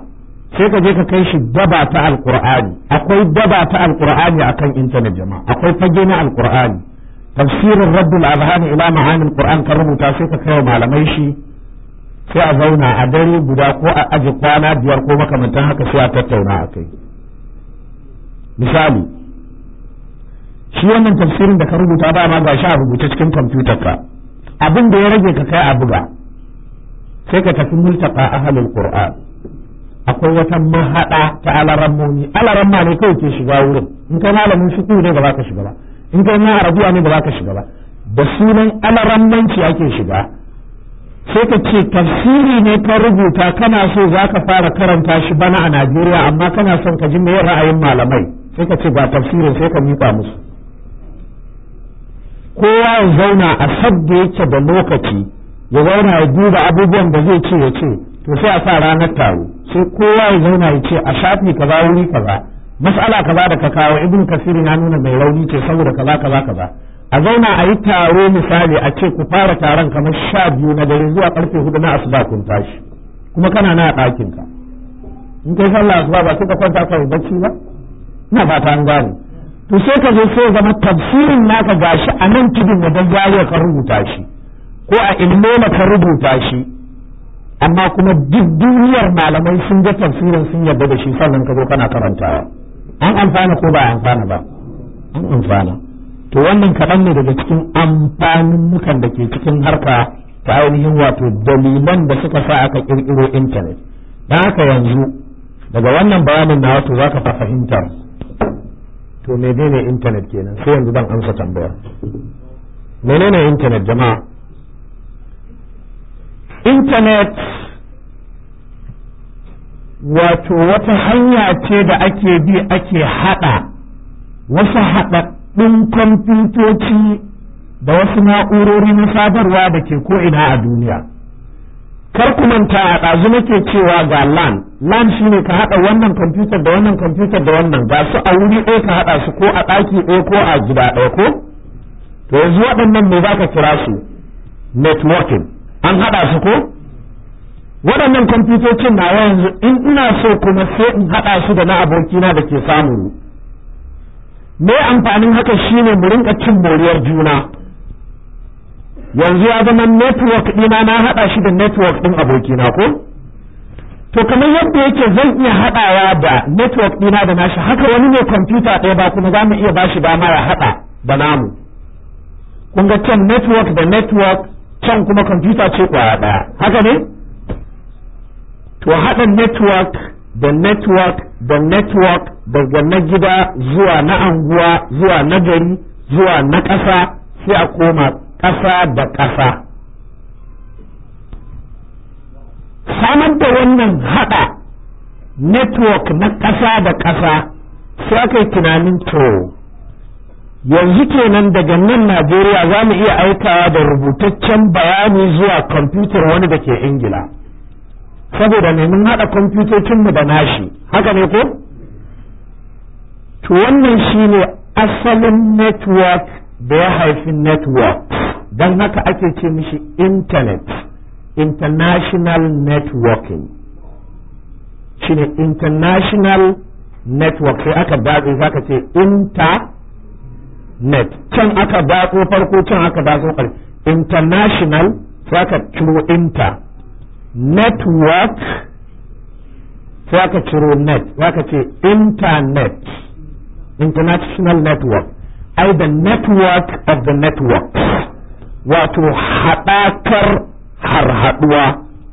sai ka je ka kai shi daba ta alkur'ani akwai daba ta alkur'ani akan intanet jama'a akwai fage na alkur'ani tafsirin rabbul azhani ila ma'anin qur'an ka rubuta sai ka kai wa malamai shi sai a zauna a dare guda ko a aji kwana biyar ko makamantan haka sai a tattauna a kai misali shi wannan tafsirin da ka rubuta ba ma gashi a rubuce cikin kwamfutar ka abin da ya rage ka kai a buga sai ka tafi multaka halin qur'an akwai wata mahada ta alaran ma ne kawai ke shiga wurin in kai malamin fiqh ne ba ka shiga ba in kai na arabiya ne ba ka shiga ba da sunan manci ake shiga sai ka ce tafsiri ne ka rubuta kana so za ka fara karanta shi bana a Najeriya amma kana son ka ji me ra'ayin malamai sai ka ce ba tafsirin sai ka miƙa musu kowa ya zauna a sadda yake da lokaci ya zauna ya duba abubuwan da zai ce ya ce to sai a sa ranar taro sai kowa ya zauna ya ce a shafi kaza wuri kaza mas'ala kaza da ka kawo ibn kasiri na nuna mai rauni ce saboda kaza kaza kaza a zauna a yi taro misali a ce ku fara taron kamar sha biyu na dare zuwa karfe hudu na asuba kun tashi kuma kana na ɗakin ka in kai sallah asuba ba ka kwanta ka bacci ba ina fata an gane to sai ka zo sai zama tafsirin naka gashi a nan tudun da dan ka rubuta shi ko a ilmoma ka rubuta shi amma kuma duk duniyar malamai sun ga tafsirin sun yarda da shi sannan ka zo kana karantawa an amfana ko ba amfana ba an amfana to wannan kaɗan ne daga cikin amfanin mukan da ke cikin harka ta ainihin wato dalilan da suka sa aka ƙirƙiro intanet da haka yanzu daga wannan bayanin na wato za ka fa fahimtar to menene intanet kenan sai yanzu zan amsa tambayar menene intanet jama'a intanet wato wata hanya ce da ake bi ake haɗa wasu haɗaɗɗun kwamfutoci da wasu na'urori na sadarwa da ke ko'ina a duniya kar ku manta a ɗazu nake cewa ga lan lan shine ka haɗa wannan kwamfutar da wannan kwamfutar da wannan ga su a wuri ɗaya ka haɗa su ko a ɗaki ɗaya ko a gida ɗaya ko to yanzu waɗannan me za ka kira su networking an haɗa su ko waɗannan kwamfutocin na yanzu in ina so kuma sai in haɗa su da na abokina da ke samu me amfanin haka shine mu rinka cin moriyar juna yanzu ya zama network ɗina na haɗa shi da network ɗin abokina ko to kamar yadda yake zan iya haɗawa da network ɗina da nashi haka wani ne kwamfuta ɗaya ba kuma za mu iya bashi dama ya haɗa da namu kun ga can network da network can kuma kwamfuta ce kwaya ɗaya haka ne to haɗa network da network da network daga na gida zuwa na anguwa zuwa na gari zuwa na ƙasa sai a koma ƙasa da ƙasa samar da wannan haɗa network na ƙasa da ƙasa sai aka yi tunanin to yanzu kenan daga nan Najeriya za mu iya aikawa da rubutaccen bayani zuwa kwamfutar wani da ke Ingila saboda ne mun haɗa kwamfutocinmu da nashi haka ne ko? to wannan shine asalin network da ya haifi network don haka ake ce mishi internet international networking shine international network sai aka daɗe za ka ce inter net can aka batso farko can aka batso farko international sai aka ciro inter network sai aka ciro net za ka ce internet international network ai the network of the networks wato haɗakar harhaɗuwa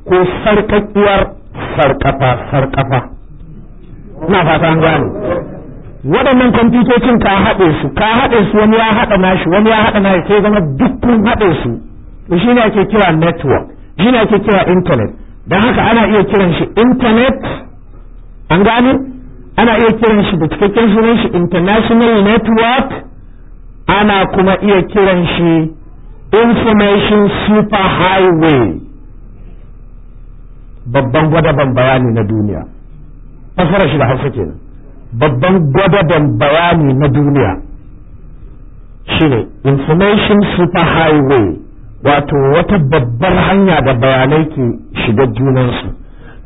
ko sarƙaƙuwar sarƙafa sarƙafa na fata an waɗannan kwamfutocin ka haɗe su ka haɗe su wani ya haɗa nashi wani ya haɗa nashi sai zama dukkan haɗe su to ne ake kira network shi ne ake kira internet don haka ana iya kiran shi internet an gane ana iya kiran shi da cikakken sunan shi international network ana kuma iya kiran shi information super highway babban gwada bayani na duniya fasara shi da hausa kenan babban gwadadan bayani na duniya shine information superhighway wato wata babbar hanya da bayanai ke shiga junansu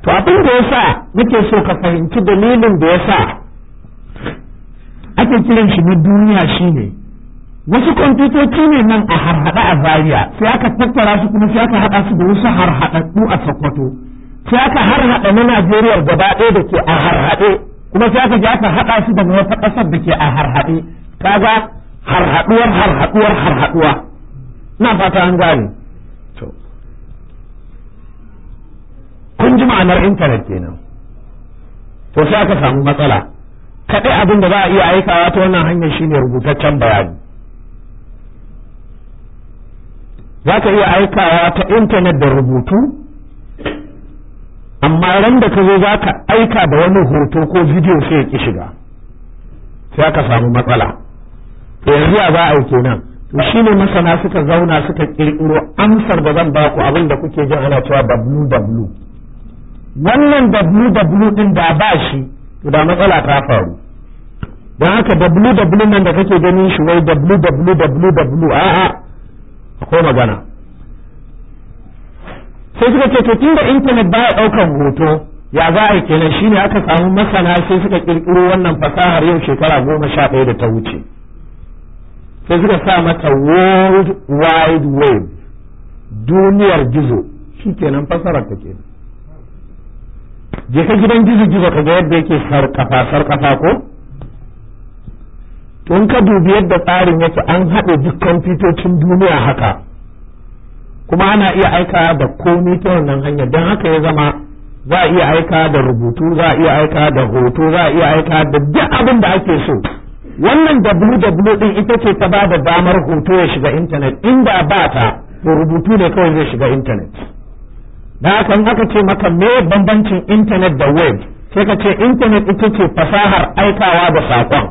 to abin da ya sa muke so ka fahimci dalilin da ya sa ake kiran shi na duniya shine wasu kwamfutoci ne nan a harhaɗa a zaria sai aka tattara su kuma sai aka haɗa su da wasu harhaɗaɗɗu a sokoto sai aka harhaɗa na najeriya gaba ɗaya da ke a harhaɗe kuma sai aka je aka haɗa shi da wata ƙasar da ke a harhaɗe kaga harhaɗuwar harhaɗuwar harhaɗuwa na fata an gane to kun ji ma'anar intanet kenan to sai aka samu matsala kaɗai abin da za a iya aikawa ta wannan hanyar shine rubutaccen bayani za ka iya aikawa ta intanet da rubutu amma ran da ka zo za ka aika da wani hoto ko bidiyo sai ya ki shiga sai aka samu matsala to yanzu ya za a yi kenan to shine masana suka zauna suka kirkiro amsar da zan ba ku abin da kuke jin ana cewa ww wannan ww din da ba shi to da matsala ta faru don haka ww nan da kake ganin shi wai ww a'a akwai magana sai suka ce to tunda intanet baya daukan hoto ya za a yi kenan shine aka samu masana sai suka kirkiro wannan fasahar yau shekara goma sha ɗaya da ta wuce sai suka sa mata world wide web duniyar gizo shi kenan fasarar ta kenan je ka gidan gizo gizo ka ga yadda yake sarkafa sarkafa ko tun ka dubi yadda tsarin yake an haɗe duk kwamfutocin duniya haka kuma ana iya aika da komai ta wannan hanya don haka ya zama za a iya aika da rubutu za a iya aika da hoto za a iya aika da duk abin da ake so wannan ww din ita ce ta ba da damar hoto ya shiga intanet inda ba ta to rubutu ne kawai zai shiga intanet da haka in aka ce maka me bambancin intanet da web sai ka ce intanet ita ce fasahar aikawa da saƙon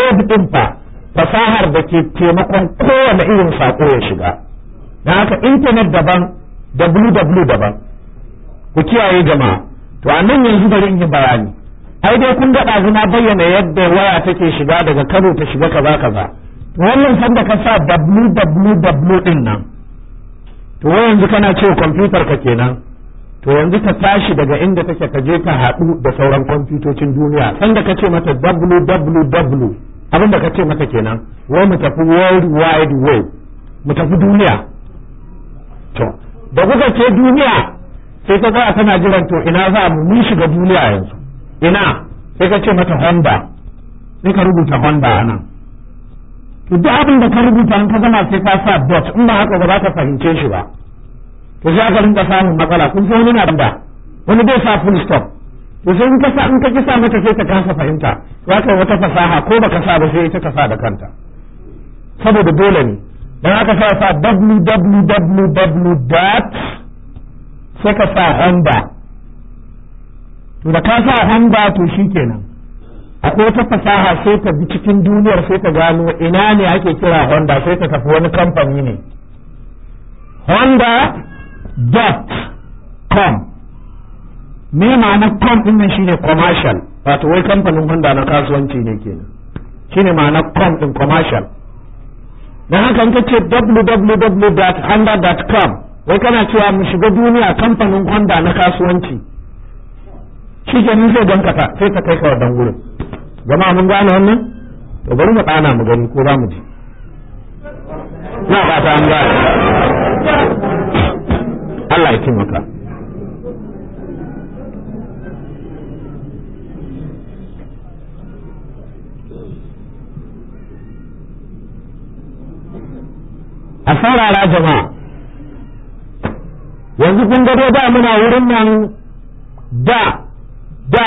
web din fa fasahar da ke taimakon kowane irin saƙo ya shiga da haka intanet daban www daban ku kiyaye jama'a to a nan yanzu bari in yi bayani ai dai kun ga zina bayyana yadda waya take shiga daga kano ta shiga kaza kaza to wannan sanda ka sa www din nan to yanzu kana ce kwamfutar ka kenan to yanzu ta tashi daga inda take ta je ta haɗu da sauran kwamfutocin duniya sanda ka ce mata www abin da ka ce mata kenan wai mu tafi world wide web mu tafi duniya to da ku ce duniya sai ka ga tana jiran to ina za mu mun shiga duniya yanzu ina sai ka ce mata honda sai ka rubuta honda anan to duk abin da ka rubuta in ka gama sai ka sa dot in ba haka ba za ka fahimce shi ba to sai ka rinka samun matsala kun san wani da wani bai sa full stop to sai in ka sa in ka ki sa mata sai ta kasa fahimta za ka wata fasaha ko baka sa ba sai ita ta sa da kanta saboda dole ne don haka sa sa www suka sa honda to da ka sa honda to shi kenan akwai wata fasaha sai ka bi cikin duniyar sai ka gano ina ne ake kira honda sai ka tafi wani kamfani ne honda dot com me ma'ana com din nan shine commercial wato wai kamfanin honda na kasuwanci ne kenan shine ma'ana com din commercial don haka in kace www.honda.com wai kana cewa mu shiga duniya kamfanin honda na kasuwanci shi ke nan don ka sai ka kai kawai don gurin jama'a mun gane wannan to bari mu ɗana mu gani ko za mu ji na fata an gane Allah ya taimaka a sarara jama'a yanzu kun gado da muna wurin nan da da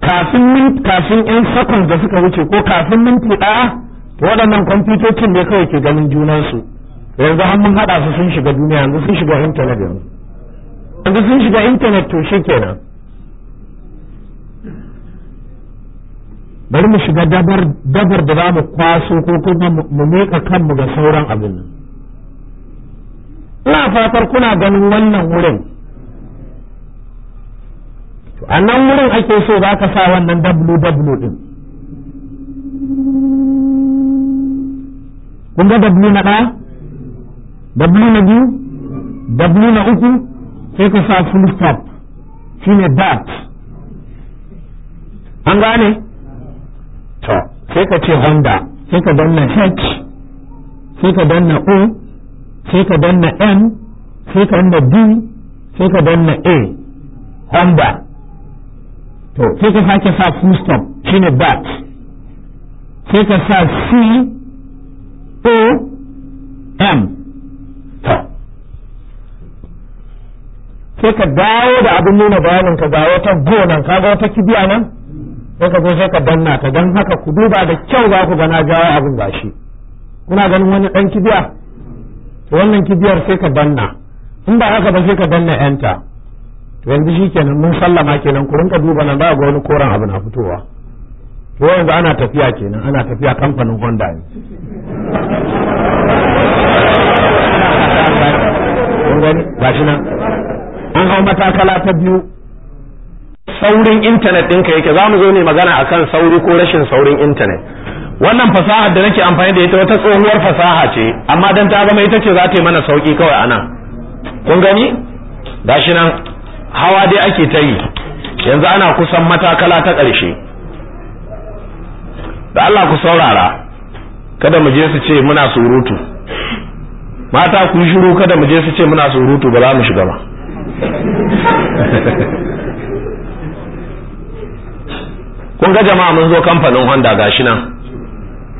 kafin minti kafin yan sakon da suka wuce ko kafin minti ɗaya waɗannan kwamfutocin ne kawai ke ganin junansu yanzu an mun haɗa su sun shiga duniya yanzu sun shiga intanet yanzu yanzu sun shiga intanet to shi kenan bari mu shiga dabar da za mu kwaso ko kuma mu miƙa kanmu ga sauran abin nan ina fatar kuna ganin wannan wurin a nan wurin ake so za ka sa wannan ww din kun ga w na ɗaya w na biyu w na uku sai ka sa full stop ne dat an gane to sai ka ce honda sai ka danna h sai ka danna o sai ka danna N sai ka danna d sai ka danna a honda to sai ka sake sa full stop shine bat sai ka sa c o m to sai ka dawo da abin nuna bayanin ka ga wata nan ka ga wata kibiya nan sai ka zo sai ka danna ta don haka ku duba da kyau za ku gana jawo abin gashi kuna ganin wani dan kibiya to wannan kibiyar sai ka banna in ba haka ba sai ka danna yanta to yanzu shi kenan mun sallama kenan ku rinka duba nan ba ga wani koren abu na fitowa to yanzu ana tafiya kenan ana tafiya kamfanin Honda ne ba shi nan an hau matakala ta biyu saurin intanet ɗinka yake za mu zo ne magana akan sauri ko rashin saurin intanet wannan fasahar da nake amfani da ita wata tsohuwar fasaha ce amma dan ta zama ita ce za ta yi mana sauki kawai anan kun gani gashi nan hawa dai ake ta yi yanzu ana kusan matakala ta ƙarshe da Allah ku saurara kada mu je su ce muna surutu mata ku shiru kada mu je su ce muna surutu ba za mu shiga ba kun ga jama'a mun zo kamfanin Honda gashi nan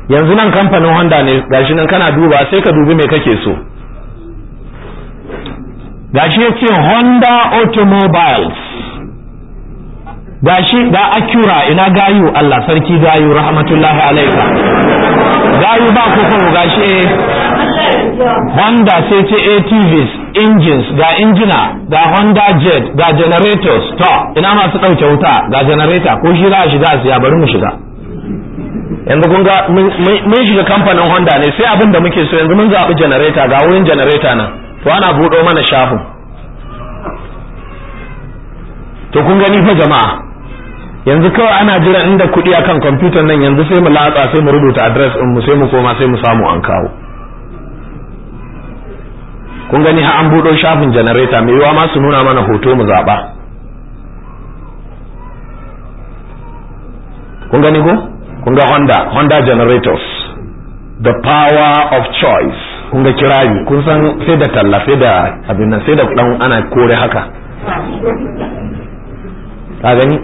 yanzu nan kamfanin honda ne gashi nan kana duba sai ka dubi me kake so gashi ya ce honda automobiles gashi da acura ina gayu allah sarki gayu rahmatullahi alaika gayu ba kufuru gashi eh honda sai ce atvs engines ga injina ga honda jet ga generators to ina masu ɗauke wuta ga generator ko shi za a shiga a siya bari mu shiga yanzu kun ga mun shiga kamfanin Honda ne sai abin da muke so yanzu mun zaɓi janareta ga wurin janareta nan to ana buɗo mana shafin to kun gani fa jama'a yanzu kawai ana jira inda kuɗi akan kwamfutar nan yanzu sai mu latsa sai mu rubuta adres ɗin mu sai mu koma sai mu samu an kawo kun gani ha an buɗo shafin janareta mai yiwa ma su nuna mana hoto mu zaɓa kun gani ko kun ga honda honda generators the power of choice kun ga kirari kun san sai da talla sai da abin nan sai da kudan ana kore haka ka gani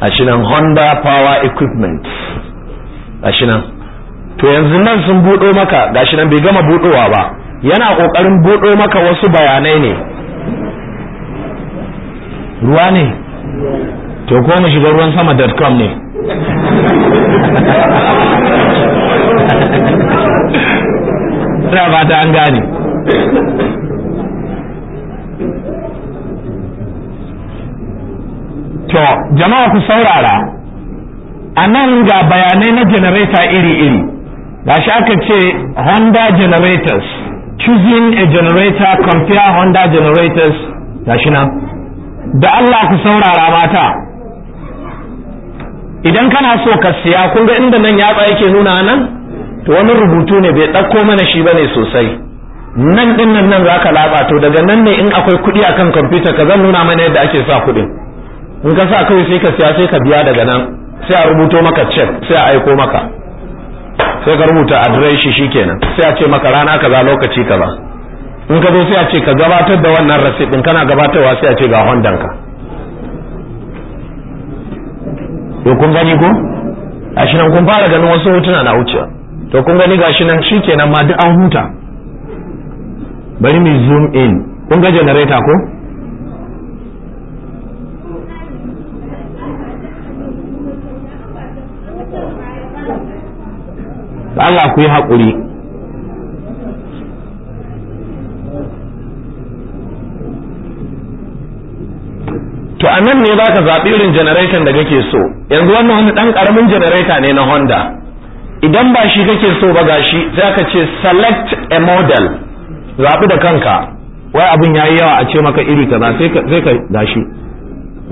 a shinan honda power equipment a shinan to yanzu nan sun buɗo maka gashi nan bai gama budowa ba yana ƙoƙarin buɗo maka wasu bayanai ne ruwa ne to ko mu shiga ruwan sama dot com ne ina fata an gane to jama'a ku saurara a nan ga bayanai na generator iri-iri ga shi aka ce honda generators choosing a generator compare honda generators ga shi nan da Allah ku saurara mata idan kana so ka siya kun ga inda nan yatsa yake nuna nan to wani rubutu ne bai ɗauko mana shi bane sosai nan din nan nan zaka laba to daga nan ne in akwai kuɗi akan kwamfuta ka zan nuna mana yadda ake sa kuɗin in ka sa kai sai ka siya sai ka biya daga nan sai a rubuto maka cek sai a aiko maka sai ka rubuta adireshi shikenan sai a ce maka rana kaza lokaci kaza in ka zo sai a ce ka gabatar da wannan rasit din kana gabatarwa sai a ce ga hondanka to kun gani ko gashi nan kun fara ganin wasu hotuna na wuce to kun gani gashi nan shikenan ma duk an huta bari mu zoom in kun ga generator ko Allah ku yi haƙuri a nan ne za ka zaɓi irin generation da kake so yanzu wannan wani ɗan ƙaramin generator ne na honda idan ba shi kake so ba ga shi za ka ce select a model zaɓi da kanka wai abin ya yi yawa a ce maka iri kaza sai ka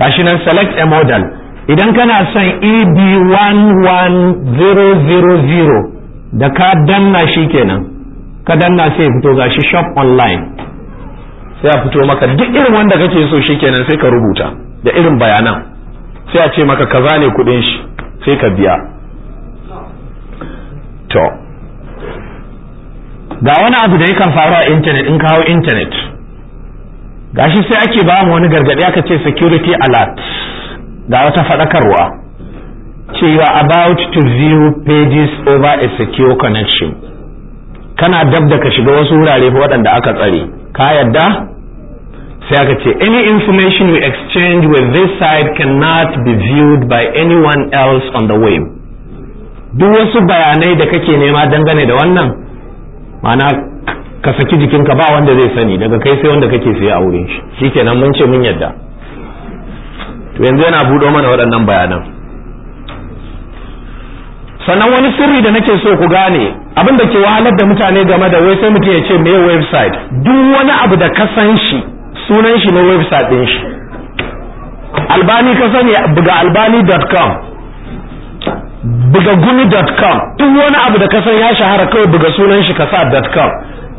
Ba shi nan select a model idan kana son eb11000 da ka danna shi kenan ka danna sai fito gashi shop online sai a fito maka duk irin wanda kake so shi kenan sai ka rubuta da irin bayanan sai a ce maka ka zane kudin shi sai ka biya to ga wani abu da yakan faru a intanet in kawo intanet gashi sai ake ba mu wani gargaɗi aka ce security alert ga wata faɗakarwa cewa about to view pages over a secure connection kana dab da ka shiga wasu wurare waɗanda aka tsare ka yadda sai aka ce any information we exchange with this side cannot be viewed by anyone else on the web duk wasu bayanai da kake nema dangane da wannan ma'ana ka saki jikinka ba wanda zai sani daga kai sai wanda kake siya a wurin shi shikenan mun ce mun yadda to yanzu yana buɗo mana waɗannan bayanan sannan wani sirri da nake so ku gane abin da ke wahalar da mutane game da wai sai mutum ya ce me website duk wani abu da ka san shi sunan shi na website din shi albani ka sani buga albani.com buga gumi.com duk wani abu da ka san ya shahara kawai buga sunan shi ka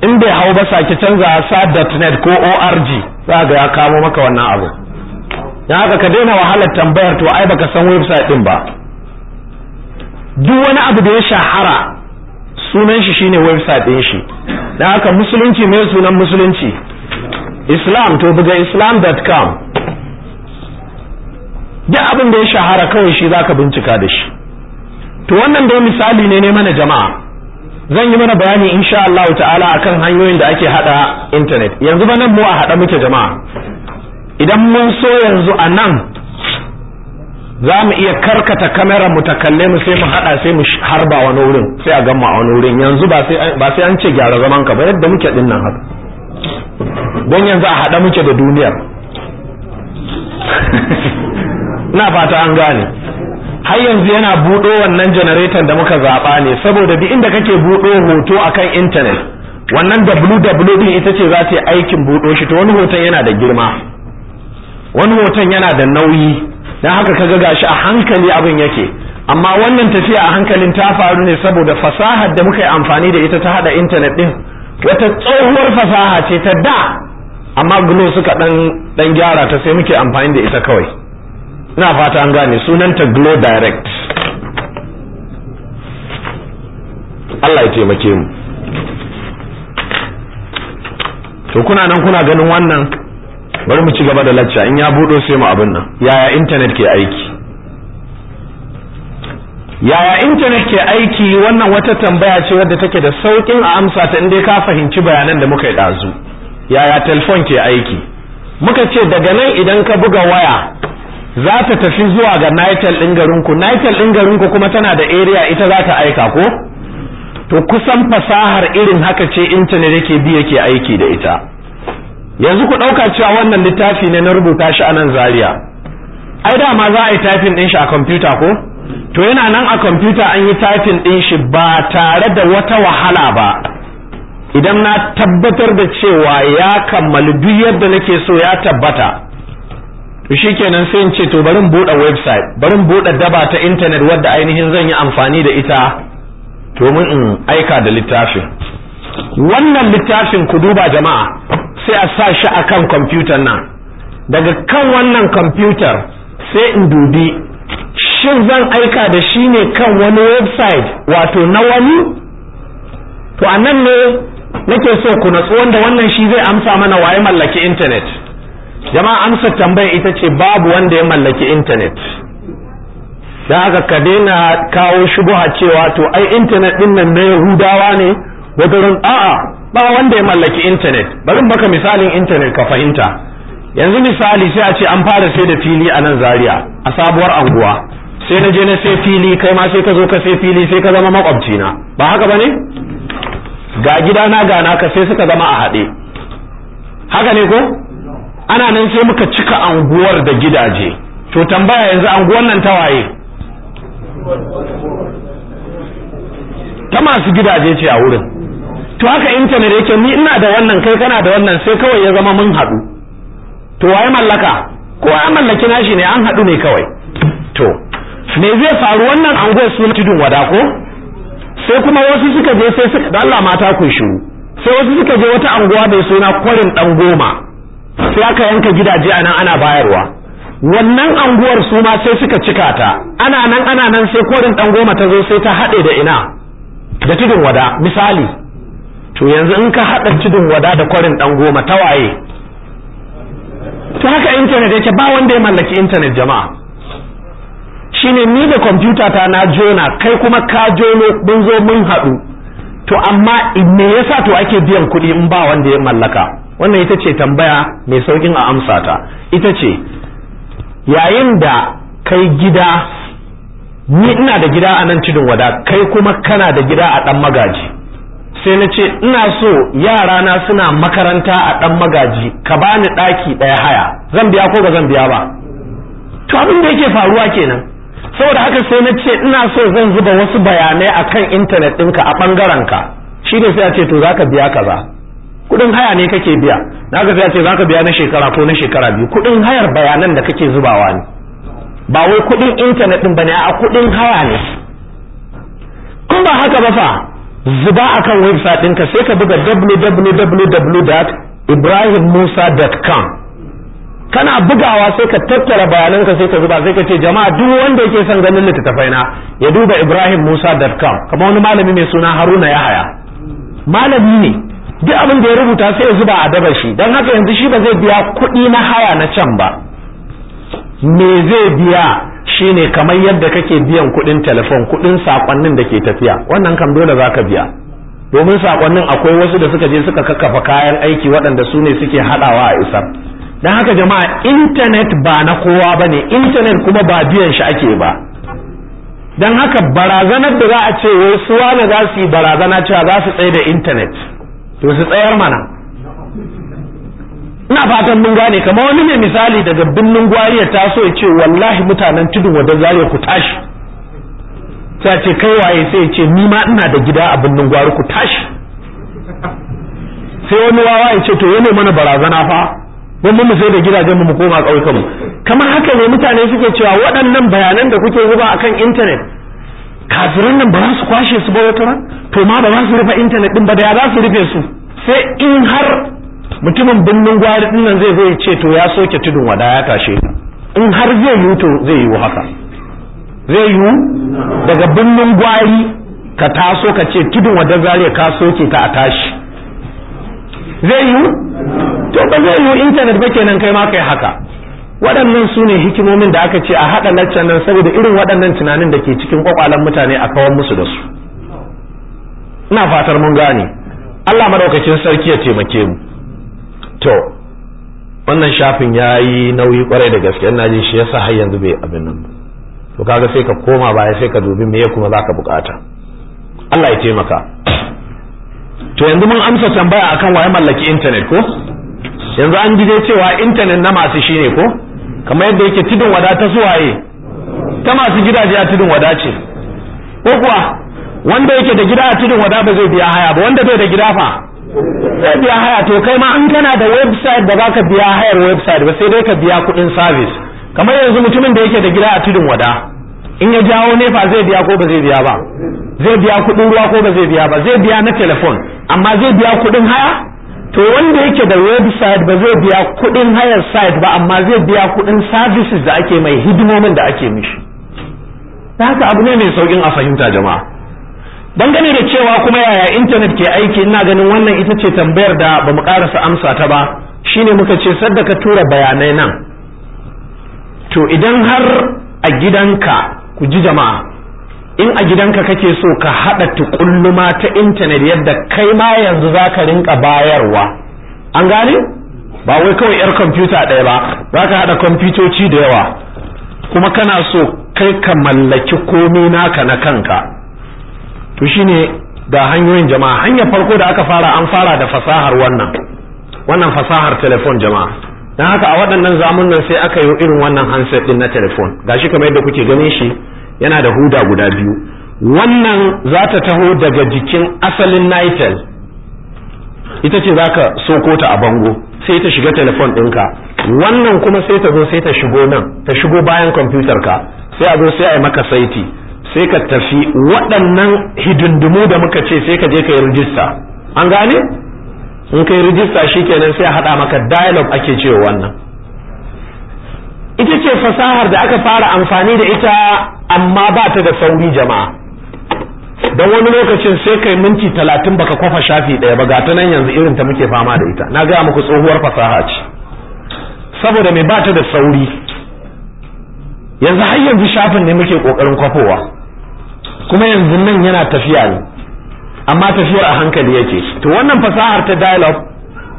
in bai hau ba sake canza sa .net ko org za ga ya kamo maka wannan abu dan haka ka daina wahalar tambayar to ai baka san website din ba duk wani abu da ya shahara sunan shi shine website din shi dan haka musulunci mai sunan musulunci islam to buga islam.com duk abin da ya shahara kawai shi zaka bincika da shi to wannan da misali ne ne mana jama'a zan yi mana bayani insha Allah ta'ala akan hanyoyin da ake hada internet yanzu ba nan mu a hada muke jama'a idan mun so yanzu a nan za mu iya karkata kamera mu ta kalle mu sai mu hada sai mu harba wani wurin sai a gama a wani wurin yanzu ba sai an ce gyara zaman ka ba yadda muke dinnan haka don yanzu a haɗa muke da duniyar na fata an gane har yanzu yana buɗo wannan janareton da muka zaɓa ne saboda duk inda kake buɗo hoto akan intanet wannan www din ita ce za ta yi aikin buɗo shi to wani hoton yana da girma wani hoton yana da nauyi don haka kaga gashi a hankali abin yake amma wannan tafiya a hankalin ta faru ne saboda fasahar da muka yi amfani da ita ta haɗa intanet ɗin, wata tsohuwar fasaha ce ta da amma glo suka dan gyara ta sai muke amfani da ita kawai ina fata an gane sunanta glo direct Allah ya taimake mu to kuna nan kuna ganin wannan bari mu ci gaba da lacca in ya budo sai mu abin nan yaya internet ke aiki yaya internet ke aiki wannan wata tambaya ce wadda take da saukin a amsa ta inda ka fahimci bayanan da muka yi dazu yaya telefon ke aiki muka ce daga nan idan ka buga waya za ta tafi zuwa ga nitel ɗin garinku nitel ɗin garinku kuma tana da area ita za ta aika ko to kusan fasahar irin haka ce intanet yake bi yake aiki da ita yanzu ku ɗauka cewa wannan littafi ne na rubuta shi a nan zaria ai dama za a yi typing ɗin shi a kwamfuta ko to yana nan a kwamfuta an yi typing ɗin shi ba tare da wata wahala ba idan na tabbatar da cewa ya kammalu duk yadda nake so ya tabbata to shikenan sai in ce to bari buɗe website bari buɗe daba ta intanet wadda ainihin zan yi amfani da ita To mun in aika da littafin wannan littafin ku duba jama'a sai a sa shi akan kwamfutar nan daga kan wannan kwamfutar sai in dubi shin zan aika da shi ne kan wani website wato na wani to a nan ne nake so ku natsu wanda wannan shi zai amsa mana waye mallaki intanet jama'a amsa tambaya ita ce babu wanda ya mallaki intanet da haka ka daina kawo shubuha cewa to ai intanet din nan na yahudawa ne wadarin a'a ba wanda ya mallaki intanet bari baka misalin intanet ka fahimta yanzu misali sai a ce an fara sai da fili a nan zaria a sabuwar anguwa sai na je na sai fili kai ma sai ka zo ka sai fili sai ka zama makwabci na ba haka bane ga gida na ga naka sai suka zama a haɗe haka ne ko ana nan sai muka cika anguwar da gidaje to tambaya yanzu anguwar nan ta waye ta masu gidaje ce a wurin to haka intanet yake ni ina da wannan kai kana da wannan sai kawai ya zama mun haɗu to waye mallaka ko ya mallaki nashi ne an haɗu ne kawai to me zai faru wannan anguwar suna tudun wada ko sai kuma wasu suka je sai suka Allah mata ku shiru sai wasu suka je wata anguwa mai suna kwarin dan goma sai aka yanka gidaje a nan ana bayarwa wannan anguwar su ma sai suka cika ta ana nan ana nan sai kwarin dan goma ta zo sai ta haɗe da ina da tudun wada misali to yanzu in ka haɗa tudun wada da kwarin dan goma ta waye ta haka intanet yake ba wanda ya mallaki intanet jama'a shine ni da kwamfuta ta na jona kai kuma ka jono mun zo mun haɗu to amma me yasa to ake biyan kuɗi in ba wanda ya mallaka wannan ita ce tambaya mai saukin a amsa ta ita ce yayin da kai gida ni ina da gida a nan cidin wada kai kuma kana da gida a ɗan magaji sai na ce ina so yarana suna makaranta a ɗan magaji ka bani ɗaki ɗaya haya zan biya ko ba zan biya ba to abin da yake faruwa kenan saboda haka sai na ce ina so zan zuba wasu bayanai a kan intanet ɗinka a ɓangaren ka shi ne sai a ce to za ka biya kaza kuɗin haya ne kake biya Na ga sai a ce za ka biya na shekara ko na shekara biyu kuɗin hayar bayanan da kake zubawa ne ba wai kuɗin intanet ɗin ba ne? a kuɗin haya ne kun ba haka ba fa zuba akan website ɗinka sai ka buga www.ibrahimmusa.com kana bugawa sai ka tattara bayanan ka sai ka zuba sai ka ce jama'a duk wanda yake son ganin littattafai na ya duba ibrahim musa com kamar wani malami mai suna haruna yahaya malami ne duk abin da ya rubuta sai ya zuba a dabar shi don haka yanzu shi ba zai biya kuɗi na haya na can ba me zai biya shine kamar yadda kake biyan kuɗin telefon kuɗin sakonnin da ke tafiya wannan kam dole za ka biya domin sakonnin akwai wasu da suka je suka kakkafa kayan aiki waɗanda su ne suke haɗawa a isar don haka jama'a intanet ba na kowa ba ne intanet kuma ba biyan shi ake ba don haka barazanar da za a ce wai suwa za su yi barazana cewa za su tsaye da intanet to su tsayar mana ina fatan mun gane kamar wani mai misali daga birnin gwari ya taso ya ce wallahi mutanen tudun wadda zare ku tashi ta ce kai waye sai ya ce ni ma ina da gida a birnin gwari ku tashi sai wani wawa ya ce to yana mana barazana fa don mu sai da gidajen mu koma ƙauyukan mu kamar haka ne mutane suke cewa waɗannan bayanan da kuke zuba akan intanet kafirin nan ba za su kwashe su ba wata to ma ba za su rufe intanet din ba da ya za su rufe su sai in har mutumin birnin gwari din nan zai zo ya ce to ya soke tudun wada ya tashe in har zai yi to zai yi haka zai yi daga birnin gwari ka taso ka ce tudun wada zariya ka soke ta a tashi zai yi to ba zai yi intanet ba kenan kai ma kai haka waɗannan su ne hikimomin da aka ce a haɗa laccan nan saboda irin waɗannan tunanin da ke cikin ƙwaƙwalen mutane a kawar musu da su ina fatar mun gane Allah madaukakin sarki ya taimake mu to wannan shafin ya yi nauyi kwarai da gaske ina ji shi yasa har yanzu bai abin nan to kaga sai ka koma baya sai ka dubi me kuma zaka bukata Allah ya taimaka to yanzu mun amsa tambaya akan waye mallaki intanet ko yanzu an ji dai cewa intanet na masu shi ne ko kamar yadda yake tudun wada ta suwaye ta masu gidaje a tudun wada ce ko kuwa wanda yake da gida a tudun wada ba zai biya haya ba wanda bai da gida fa zai biya haya to kai ma in kana da website da zaka biya hayar website ba sai dai ka biya kuɗin service kamar yanzu mutumin da yake da gida a tudun wada in ya jawo nefa zai biya ko ba zai biya ba zai biya kuɗin ruwa ko ba zai biya ba zai biya na telefon amma zai biya kuɗin haya to wanda yake da website ba zai biya kuɗin hayar site ba amma zai biya kuɗin services da ake mai hidimomin da ake mishi haka abu ne mai saukin a fahimta jama'a dangane da cewa kuma yaya intanet ke aiki ina ganin wannan ita ce tambayar da ba mu karasa amsa ta ba shine muka ce sadda ka tura bayanai nan to idan har a gidanka ku ji jama'a in a gidanka kake so ka haɗa tukulluma ta intanet yadda kai ma yanzu za ka rinka bayarwa an gane ba wai kawai 'yar kwamfuta ɗaya ba za ka haɗa kwamfutoci da yawa kuma kana so kai ka mallaki komi naka na kanka to shine da hanyoyin jama'a hanyar farko da aka fara an fara da fasahar wannan wannan fasahar telefon jama'a don haka a waɗannan zamunan sai aka yi irin wannan handset ɗin na telefon Ga shi kamar yadda kuke ganin shi yana da huda guda biyu wannan za ta taho daga jikin asalin nitel ita ce za ka soko ta a bango sai ta shiga telefon ɗinka wannan kuma sai ta zo sai ta shigo nan ta shigo bayan kwamfutar ka sai a zo sai a yi maka saiti sai ka tafi waɗannan hidindimu da muka ce sai ka je ka yi rijista an gane in ka yi rijista kenan sai a haɗa maka dialogue ake cewa wannan ita ce fasahar da aka fara amfani da ita amma ba ta da sauri jama'a don wani lokacin sai kai minti talatin baka kwafa shafi ɗaya ba gata nan yanzu irin ta muke fama da ita na gaya muku tsohuwar fasaha ce saboda mai ta da sauri yanzu har yanzu shafin ne muke kokarin kwafowa kuma yanzu nan yana tafiya ne amma tafiyar a hankali yake to wannan fasahar ta dialogue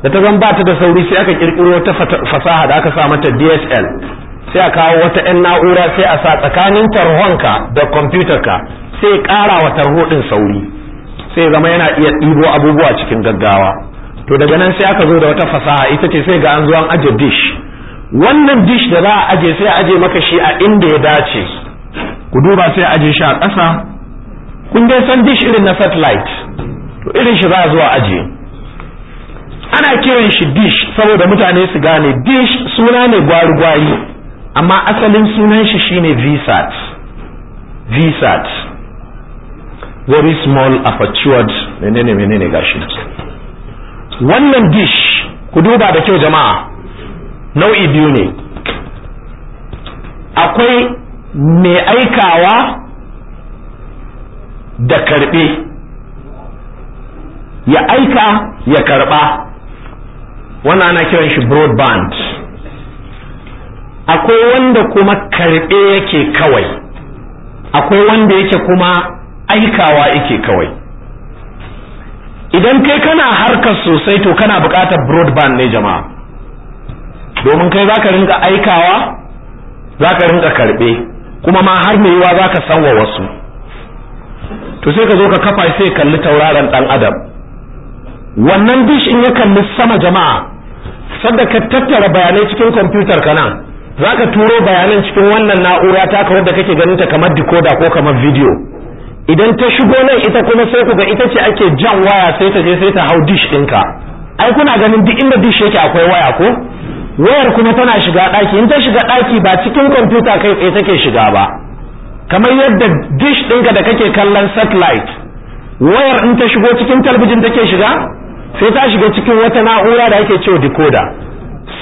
da ta zan ba ta da sauri sai aka ƙirƙiro ta fasaha da aka sa mata DSL sai a kawo wata 'yan na'ura sai a sa tsakanin tarhonka da kwamfutarka sai ƙara wa tarho ɗin sauri sai zama yana iya ɗibo abubuwa cikin gaggawa to daga nan sai aka zo da wata fasaha ita ce sai ga an zo an aje dish wannan dish da za a aje sai a aje maka shi a inda ya dace ku duba sai a aje shi a ƙasa kun dai san dish irin na satellite to irin shi za a zo a aje ana kiran shi dish saboda mutane su gane dish suna ne gwari-gwari amma asalin sunan shi shine vsat vsat very small apertured menene menene gashi wannan dish ku duba da kyau jama'a nau'i biyu ne akwai mai aikawa da karbe ya aika ya karba wannan ana kiran shi broadband akwai wanda kuma karɓe yake kawai akwai wanda yake kuma aikawa yake kawai idan kai kana harka sosai to kana buƙatar broadband ne jama'a domin kai za ka rinka aikawa za ka rinka karɓe kuma ma har mai yiwa za ka sanwa wasu to sai ka zo ka kafa sai kalli tauraron ɗan adam wannan dish in ya kalli sama jama'a sadda ka tattara bayanai cikin kwamfutar ka nan za ka turo bayanan cikin wannan na'ura taka wadda kake ganin ta kamar dikoda ko kamar video idan ta shigo nan ita kuma sai ku ga ita ce ake jan waya sai ta je sai ta hau dish ɗinka ai kuna ganin duk inda dish yake akwai waya ko wayar kuma tana shiga ɗaki in ta shiga ɗaki ba cikin kwamfuta kai tsaye take shiga ba kamar yadda dish ɗinka da kake kallon satellite wayar in ta shigo cikin talbijin take shiga sai ta shiga cikin wata na'ura da ake cewa decoder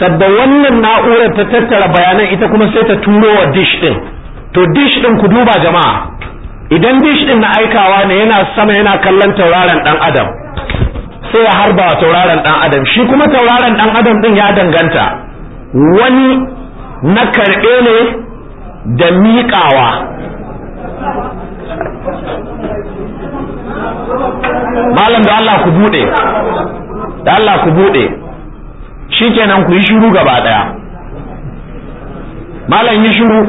sadda wannan na'urar ta tattara bayanan ita kuma sai ta turo wa dish din to dish din ku duba jama'a idan dish din na aikawa ne yana sama yana kallon tauraron dan adam sai ya harba wa tauraron dan adam shi kuma tauraron dan adam din ya danganta wani na karɓe ne da miƙawa malam da Allah ku buɗe! da Allah ku bude shikenan ku yi shiru gaba daya malam yi shiru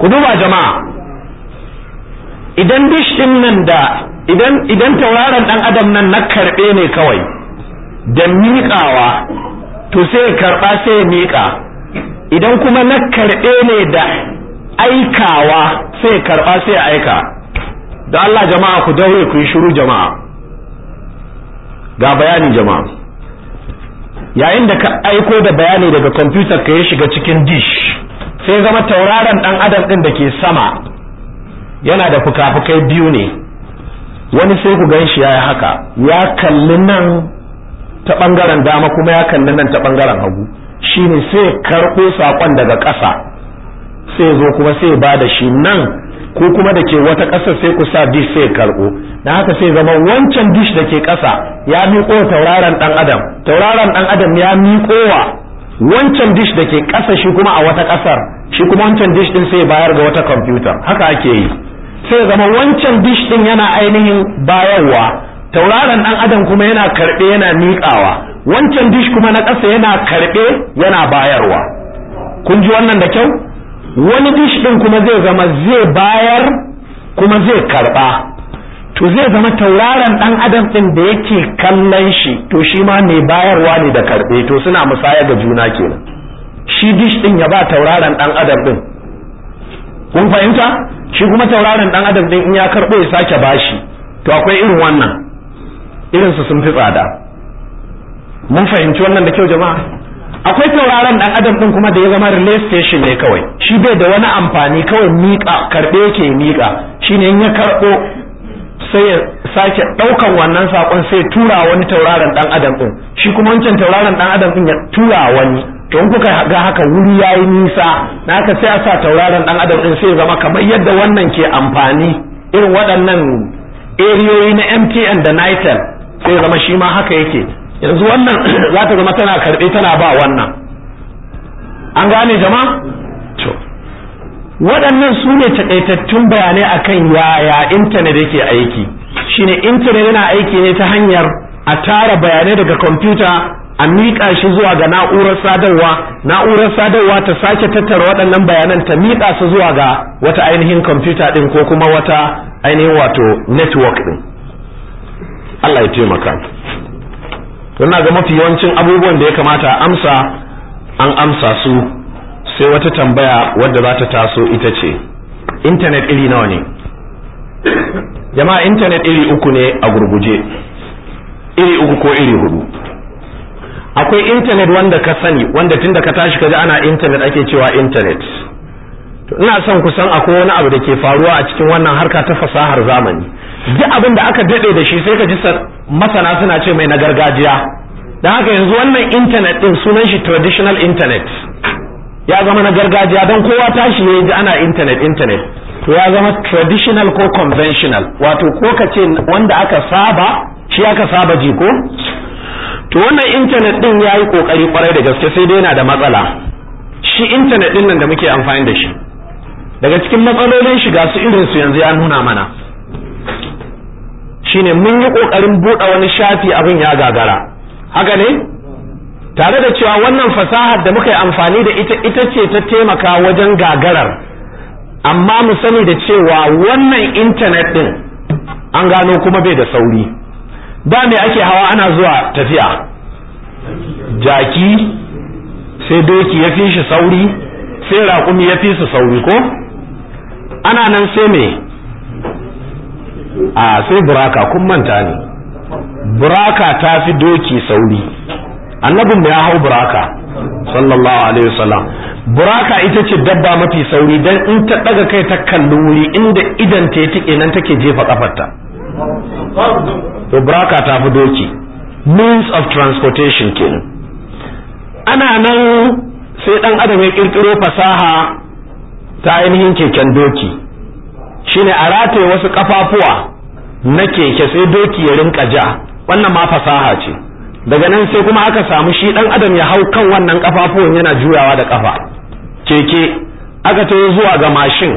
ku duba jama'a idan dish din nan da idan idan tauraron dan adam nan na karbe ne kawai da miƙawa to sai karba sai miƙa idan kuma na karbe ne da aikawa sai karba sai aika da Allah jama'a ku daure ku yi shiru jama'a ga bayanin jama'a yayin da ka aiko da bayani daga kwamfutar ka ya shiga cikin dish sai zama tauraron dan adam din da ke sama yana da fuka-fukai biyu ne wani sai ku ganshi shi ya haka ya kalli nan ta bangaren dama kuma ya kalli nan ta bangaren hagu shine sai karɓo saƙon daga ƙasa sai zo kuma sai ba da shi nan ko kuma da ke wata ƙasar sai ku sa dish sai karɓo na haka sai zama wancan dish da ke ƙasa ya miƙo tauraron ɗan adam tauraron ɗan adam ya miƙowa wancan dish da ke ƙasa shi kuma a wata ƙasar shi kuma wancan dish ɗin sai bayar ga wata kwamfuta haka ake yi sai zama wancan dish ɗin yana ainihin bayarwa tauraron ɗan adam kuma yana karɓe yana miƙawa wancan dish kuma na ƙasa yana karɓe yana bayarwa kun ji wannan da kyau wani dish din kuma zai zama zai bayar kuma zai karba to zai zama tauraron dan adam din da yake kallon shi to shi ma mai bayarwa ne da karbe to suna musaya ga juna kenan shi dish din ya ba tauraron dan adam din kun fahimta shi kuma tauraron dan adam din in ya karbo ya sake bashi to akwai irin wannan irin su sun fi tsada mun fahimci wannan da kyau jama'a akwai tauraron dan adam din kuma da ya zama relay station ne kawai shi bai da wani amfani kawai mika karɓe yake mika shine in ya karɓo sai ya sake ɗaukan wannan sakon sai tura wani tauraron dan adam din shi kuma wancan tauraron dan adam din ya tura wani to in kuka ga haka wuri yayi nisa na ka sai a sa tauraron dan adam din sai ya zama kamar yadda wannan ke amfani irin waɗannan eriyoyi na MTN da Nitel sai zama shi ma haka yake yanzu wannan za ta zama tana karɓe tana ba wannan an gane jama'a to waɗannan su ne takaitattun bayanai akan yaya intanet yake aiki shine intanet yana aiki ne ta hanyar a tara bayanai daga kwamfuta a miƙa shi zuwa ga na'urar sadarwa na'urar sadarwa ta sake tattara waɗannan bayanan ta miƙa su zuwa ga wata ainihin kwamfuta ɗin ko kuma wata ainihin wato network ɗin Allah ya taimaka to ina ga mafi yawancin abubuwan da ya kamata a amsa an amsa su sai wata tambaya wadda za ta taso ita ce intanet iri nawa ne jama'a intanet iri uku ne a gurguje iri uku ko iri hudu akwai intanet wanda ka sani wanda tunda ka tashi ka ji ana intanet ake cewa intanet ina son kusan akwai wani abu da ke faruwa a cikin wannan harka ta fasahar zamani duk abin da aka daɗe da shi sai ka ji masana suna ce mai na gargajiya don haka yanzu wannan intanet din sunan shi traditional internet ya zama na gargajiya don kowa tashi ya ji ana intanet intanet to ya zama traditional ko conventional wato ko ka ce wanda aka saba shi aka saba ji ko to wannan intanet ɗin ya yi ƙoƙari kwarai da gaske sai dai yana da matsala shi intanet ɗin nan da muke amfani da shi daga cikin matsalolin shiga su irin su yanzu ya nuna mana shine mun yi kokarin buɗe wani shafi abin ya gagara haka ne tare da cewa wannan fasahar da muka yi amfani da ita ita ce ta taimaka wajen gagarar amma mu sani da cewa wannan intanet din an gano kuma bai da sauri ba me ake hawa ana zuwa tafiya jaki sai doki ya fi shi sauri sai raƙumi ya fi su sauri ko ana nan sai me a sai buraka kun manta ne buraka ta fi doki sauri annabin da ya hau buraka sallallahu alaihi wasallam buraka ita ce dabba mafi sauri dan in ta daga kai ta kalli wuri inda idan ta tike nan take jefa kafarta to buraka ta fi doki means of transportation kin ana nan sai dan adam ya kirkiro fasaha ta ainihin keken doki shine a rataye wasu kafafuwa na keke sai doki ya rinka ja wannan ma fasaha ce daga nan sai kuma aka samu shi dan adam ya hau kan wannan kafafuwan yana juyawa da kafa keke aka tayo zuwa ga mashin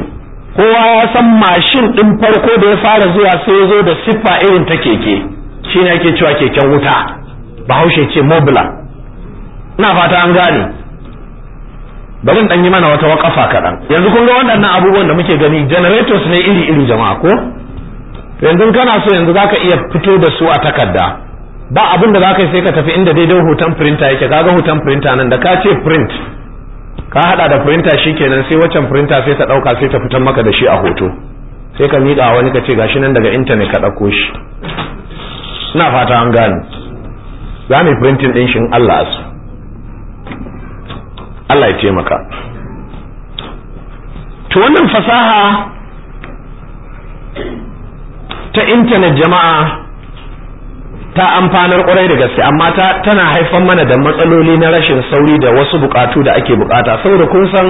kowa ya san mashin din farko da ya fara zuwa sai ya zo da siffa irin ta keke shine ake cewa keken wuta bahaushe ce mobila ina fata an gane bari in dan yi mana wata wakafa kaɗan yanzu kun ga waɗannan abubuwan da muke gani generators ne iri iri jama'a ko yanzu kana so yanzu za ka iya fito da su a takarda ba abin da zaka yi sai ka tafi inda daidai hoton printer yake kaga hoton printer nan da ka ce print ka hada da printer shikenan sai waccan printer sai ta dauka sai ta fitar maka da shi a hoto sai ka miƙa wani ka ce gashi nan daga internet ka ɗauko shi ina fata an gane za mu yi printing ɗin shi in Allah su Allah ya taimaka to wannan fasaha ta intanet jama'a ta amfanar kwarai da gaske amma ta tana haifar mana da matsaloli na rashin sauri da wasu bukatu da ake bukata saboda kun san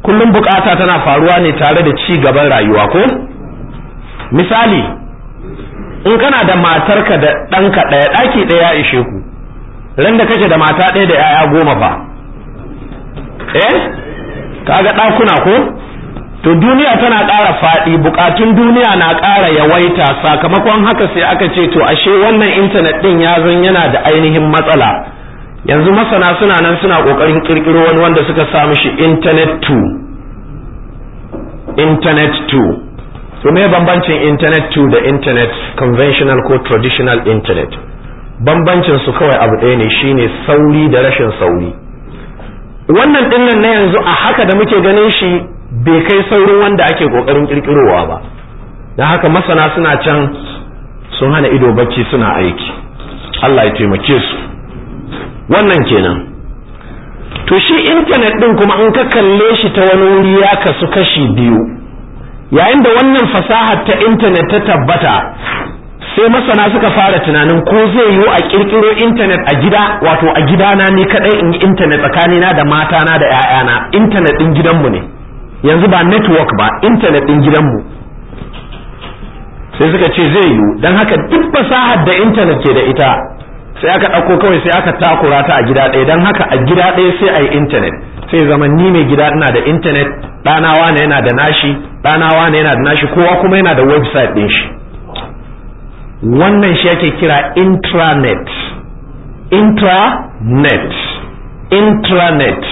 kullum bukata tana faruwa ne tare da ci gaban rayuwa ko misali in kana da matarka da ɗanka ɗaya ɗaki ɗaya ya ishe ku ran da kake da mata ɗaya da 'ya'ya goma fa eh kaga ɗakuna ko to duniya tana ƙara faɗi bukatun duniya na ƙara yawaita sakamakon haka sai aka ce to ashe wannan intanet ɗin ya zan yana da ainihin matsala yanzu masana suna nan suna ƙoƙarin ƙirƙiro wani wanda suka samu shi. internet 2 internet 2 to me bambancin internet 2 da internet conventional ko traditional internet bambancin su kawai abu ɗaya ne shine sauri da rashin sauri wannan dinnan na yanzu a haka da muke ganin shi bai kai saurin wanda ake kokarin kirkirowa ba Da haka masana suna can sun hana ido bacci suna aiki Allah ya taimake su wannan kenan to shi intanet din kuma an ka kalle shi ta wani wuri ya kasu kashi biyu yayin da wannan fasaha ta intanet ta tabbata sai masana suka fara tunanin ko zai yiwu a kirkiro intanet a gida wato a gidana ne kadai in yi intanet na da matana da 'ya'yana intanet din gidanmu ne yanzu ba network ba intanet din gidanmu sai suka ce zai yiwu don haka duk fasahar da intanet ke da ita sai aka ɗauko kawai sai aka takura ta a gida ɗaya don haka a gida ɗaya sai a intanet sai zama ni mai gida ina da intanet ɗanawa ne yana da nashi ɗanawa ne yana da nashi kowa kuma yana da website ɗin shi wannan shi ake kira intranet intranet intranet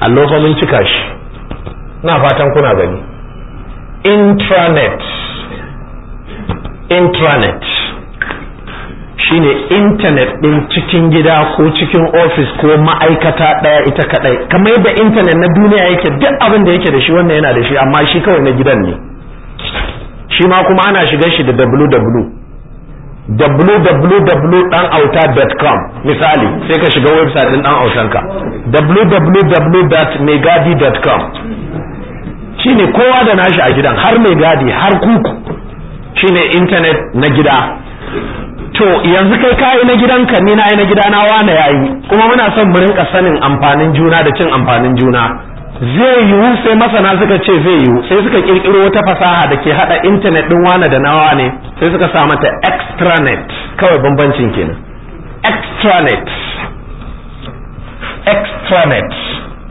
allo cika shi na fatan kuna gani intranet intranet shine intanet ɗin cikin gida ko cikin ofis ko ma'aikata ɗaya ita kaɗai kamar yadda intanet na duniya yake duk abin da yake da shi wannan yana da shi amma shi kawai na gidan ne shi ma kuma ana shiga shi da www www.danauta.com misali sai ka shiga website din dan autanka www.megadi.com shine kowa da nashi a gidan har mai har kuku shine internet na gida to yanzu kai ka na gidanka ni na yi na gida na wane yayi kuma muna son mu rinka sanin amfanin juna da cin amfanin juna zai yiwu sai masana suka ce zai yiwu sai suka kirkiro wata fasaha da ke hada intanet din wane da nawa ne sai suka sa mata extranet kawai bambancin kenan extranet extranet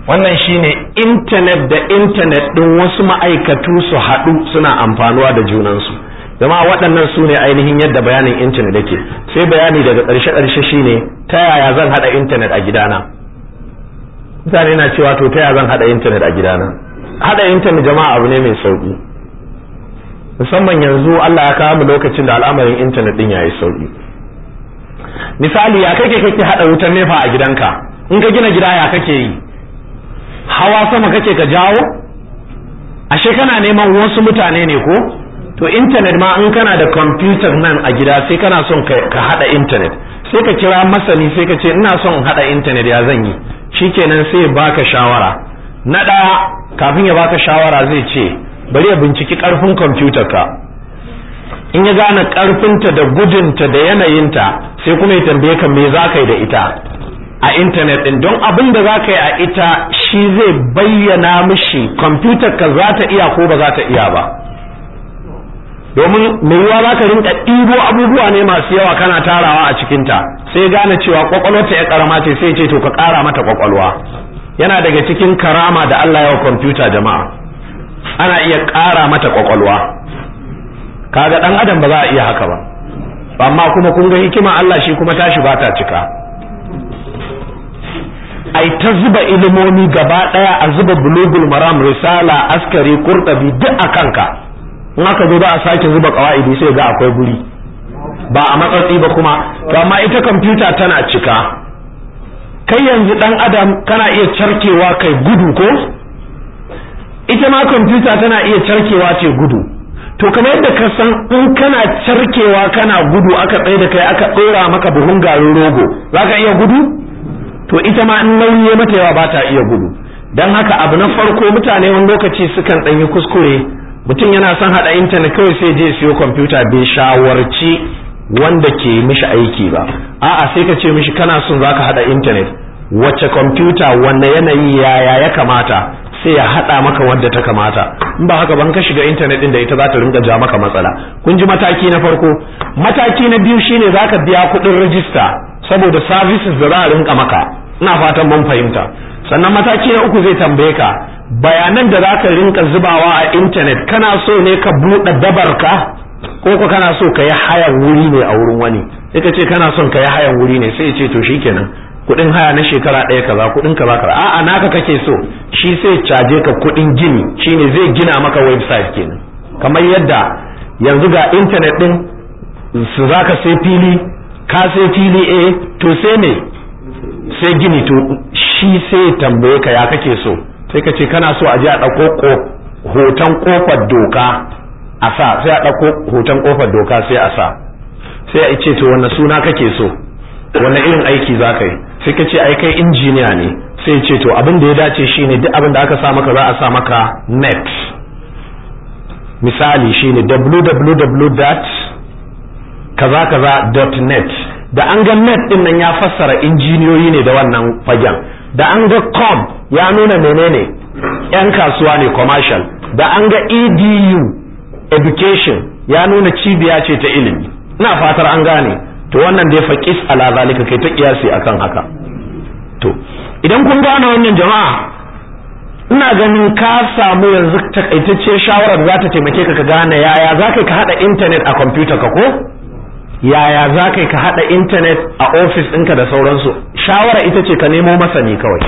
wannan shine intanet da intanet din wasu ma'aikatu su haɗu suna amfanuwa da junansu jama'a waɗannan su ne ainihin yadda bayanin intanet yake sai bayani daga ƙarshe-ƙarshe shine ta yaya zan haɗa intanet a gidana mutane na cewa to ta zan hada intanet a gidana hada intanet jama'a abu ne mai sauki musamman yanzu Allah ya kawo mu lokacin da al'amarin intanet din yayi sauki misali ya kake kake hada wutar nefa a gidanka in ka gina gida ya kake yi hawa sama kake ka jawo ashe kana neman wasu mutane ne ko to intanet ma in kana da kwamfutar nan a gida sai kana son ka hada intanet sai ka kira masani sai ka ce ina son in hada intanet ya zan yi shikenan sai ya baka shawara na ɗaya kafin ya baka shawara zai ce bari ya binciki ƙarfin kwamfutarka ka in ya gane ƙarfinta da gudunta da yanayinta sai kuma ya tambaye ka me za ka yi da ita a intanet ɗin don abin da za ka yi a ita shi zai bayyana mishi kwamfutar ka za ta iya ko ba za ta iya ba domin mai yiwa za ka rinka ɗibo abubuwa ne masu yawa kana tarawa a cikinta sai gane cewa kwakwalwarta ya karama ce sai ce to ka kara mata kwakwalwa yana daga cikin karama da Allah yawa kwamfuta jama'a ana iya ƙara mata kwakwalwa kaga ɗan adam ba za a iya haka ba amma kuma kun ga hikima Allah shi kuma tashi ba ta cika ai ta zuba ilimomi gaba ɗaya a zuba bulugul maram risala askari kurɗabi duk a kanka in aka zo za a sake zuba kawa'idi sai ga akwai guri ba a matsatsi ba kuma to amma ita kwamfuta tana cika kai yanzu dan adam kana iya carkewa kai gudu ko ita ma kwamfuta tana iya carkewa ce gudu to kamar yadda ka san in kana carkewa kana gudu aka tsaye da kai aka tsora maka buhun garin rogo za ka iya gudu to ita ma in nauyi mata yawa ba ta iya gudu don haka abu na farko mutane wani lokaci sukan ɗanyi kuskure mutum yana son hada intanet kawai sai je siyo kwamfuta bai shawarci wanda ke mishi aiki ba a'a sai ka ce mishi kana son zaka hada intanet wacce kwamfuta wanne yanayi yaya ya kamata sai ya hada maka wadda ta kamata in ba haka ban ka shiga intanet din da ita za ta ringa ja maka matsala kun ji mataki na farko mataki na biyu shine zaka biya kuɗin rajista saboda services da za a rinka maka ina fatan mun fahimta sannan mataki na uku zai tambaye ka bayanan da za ka rinka zubawa a intanet kana so ne ka buɗe dabarka ko ko kana so ka yi hayan wuri ne a wurin wani sai ka ce kana son ka yi hayan wuri ne sai ya ce to shikenan kuɗin haya na shekara ɗaya kaza kuɗin kaza kaza a'a naka kake so shi sai caje ka kuɗin gini shine zai gina maka website kenan kamar yadda yanzu ga intanet ɗin su za ka sai fili ka sai fili eh to sai ne sai gini to shi sai tambaye ka ya kake so sai ka ce kana so a ji a ɗauko hoton kofar doka a sa sai a ɗauko hoton ƙofar doka sai a sa sai a ce to wanne suna kake so wanne irin aiki za ka yi sai ka ce ai kai injiniya ne sai ce to abin da ya dace shine duk abin da aka sa maka za a sa maka net misali shine www.kaza-kaza.net da an ga net din nan ya fassara injiniyoyi ne da wannan fagen da an ga com ya nuna menene yan kasuwa ne commercial da an ga edu education ya nuna cibiya ce ta ilimi ina fatar an gane to wannan dai faqis ala zalika kai ta kiyasi akan haka to idan kun gane wannan jama'a ina ganin ka samu yanzu takaitacce shawarar za ta taimake ka ka gane yaya za ka haɗa intanet a kwamfuta ka ko yaya za ka ka haɗa intanet a ofis ɗinka da sauransu shawara ita ce ka nemo masani kawai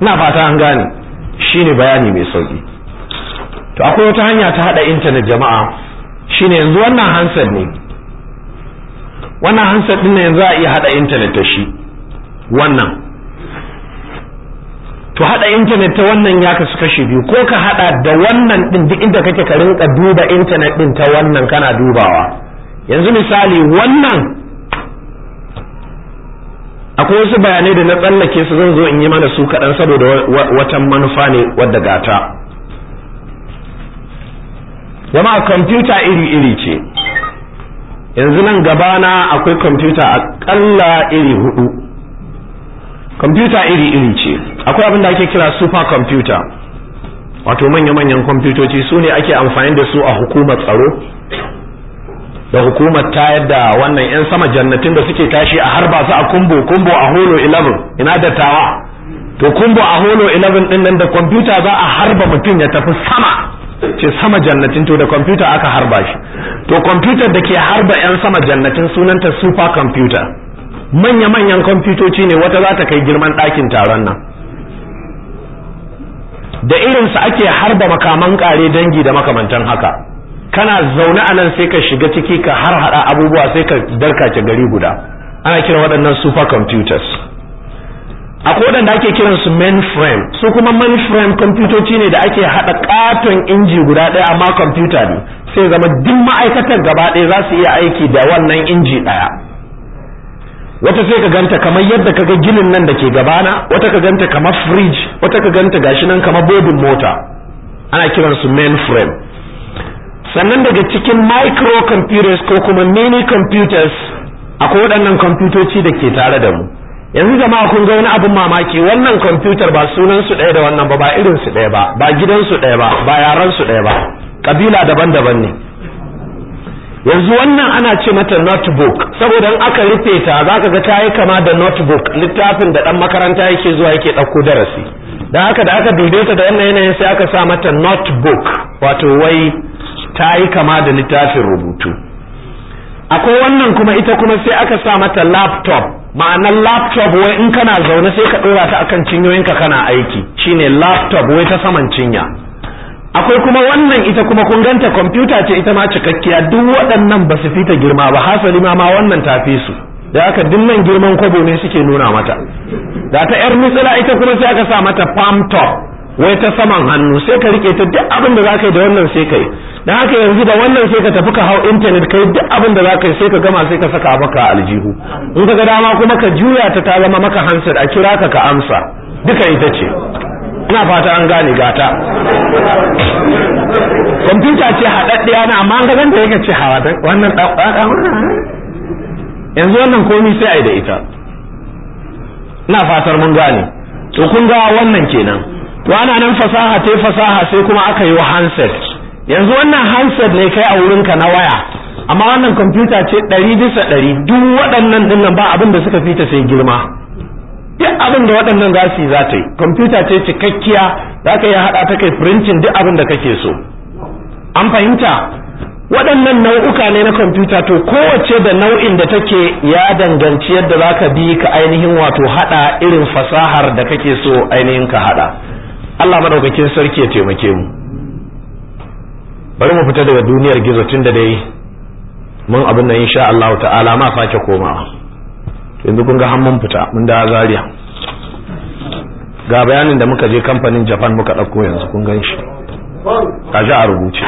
ina fata an gane Shi ne bayani mai sauƙi. to akwai wata hanya ta haɗa intanet jama'a Shi ne yanzu wannan hansar ne wannan hansar ɗin yanzu a iya haɗa intanet da shi wannan to haɗa intanet ta wannan ya kasu kashe biyu ko ka haɗa da wannan ɗin duk inda kake ka rinka duba intanet ɗin ta wannan kana dubawa yanzu misali wannan akwai wasu bayanai da na tsallake su zan zo in yi mana su kaɗan saboda watan manufa ne wadda gata a kwamfuta iri-iri ce yanzu nan gabana akwai kwamfuta aƙalla iri hudu kwamfuta iri-iri ce akwai abin da ake kira super computer wato manya-manyan kwamfutoci su ne ake amfani da su a hukumar tsaro da hukumar tayar da wannan yan sama jannatin da suke tashi a harba su a kumbo kumbo a holo 11 ina dattawa to kumbo a holo 11 din nan da kwamfuta za a harba mutum ya tafi sama ce sama jannatin to da kwamfuta aka harba shi to kwamfutar da ke harba yan sama jannatin sunanta super computer manya-manyan kwamfutoci ne wata za ta kai girman ɗakin taron nan da irinsa ake harba makaman ƙare dangi da makamantan haka kana zaune a nan sai ka shiga ciki ka har hada abubuwa sai ka darka darkace gari guda ana kira waɗannan super computers akwai waɗanda ake kiran su mainframe su kuma mainframe kwamfutoci ne da ake haɗa katon inji guda ɗaya amma kwamfuta ne sai zama duk ma'aikatan gaba ɗaya za su iya aiki da wannan inji ɗaya wata sai ka ganta kamar yadda ka ga ginin nan da ke gabana wata ka ganta kamar fridge wata ka ganta gashi nan kamar bobin mota ana kiransu su mainframe sannan daga cikin microcomputers ko kuma mini computers akwai waɗannan kwamfutoci da ke tare da mu yanzu jama'a kun ga wani abin mamaki wannan kwamfutar ba sunan su ɗaya da wannan ba ba irin su ɗaya ba ba gidan su ɗaya ba ba yaran su ɗaya ba kabila daban-daban ne yanzu wannan ana ce mata notebook saboda aka rufe ta zaka ga ta yi kama da notebook littafin da ɗan makaranta yake zuwa yake ɗauko darasi da haka da aka dube ta da wannan yanayin sai aka sa mata notebook wato wai ta yi kama da littafin rubutu akwai wannan kuma ita kuma sai aka sa mata laptop ma'anar laptop wai in kana zaune sai ka ɗora ta akan ka kana aiki shine laptop wai ta saman cinya akwai kuma wannan ita kuma kun ganta kwamfuta ce ita ma cikakkiya duk waɗannan ba su fita girma ba hasali ma ma wannan ta fi su da aka dinnan girman kwabo ne suke nuna mata da ta yar misala ita kuma sai aka sa mata palm top wai ta saman hannu sai ka rike ta duk abin da zaka yi da wannan sai kai dan haka yanzu da wannan sai ka tafi ka hau internet kai duk abin da zaka yi sai ka gama sai ka saka maka aljihu in ka ga dama kuma ka juya ta ta zama maka hansar a kira ka ka amsa duka ita ce ina fata an gane gata kwamfuta ce haɗaɗɗiya na amma ga ganta yake ce hawa wannan yanzu wannan komi sai a yi da ita ina fatar mun gane to kun ga wannan kenan to ana nan fasaha ta fasaha sai kuma aka yi wa handset yanzu wannan handset ne kai a wurinka na waya amma wannan kwamfuta ce ɗari bisa ɗari duk waɗannan dinnan ba abin da suka fita sai girma duk abin da waɗannan za su yi za ta yi kwamfuta ce cikakkiya za ka iya haɗa ta kai printin duk abin da kake so an fahimta waɗannan nau'uka ne na kwamfuta to kowace da nau'in da take ya danganci yadda za ka bi ka ainihin wato haɗa irin fasahar da kake so ainihin ka haɗa Allah madaukakin sarki ya taimake mu bari mu fita daga duniyar gizo tun da dai mun abin nan insha Allah ta'ala ma sake komawa yanzu kun ga mun fita mun da Zariya. ga bayanin da muka je kamfanin Japan muka ɗauko yanzu kun gan shi kaji a rubuce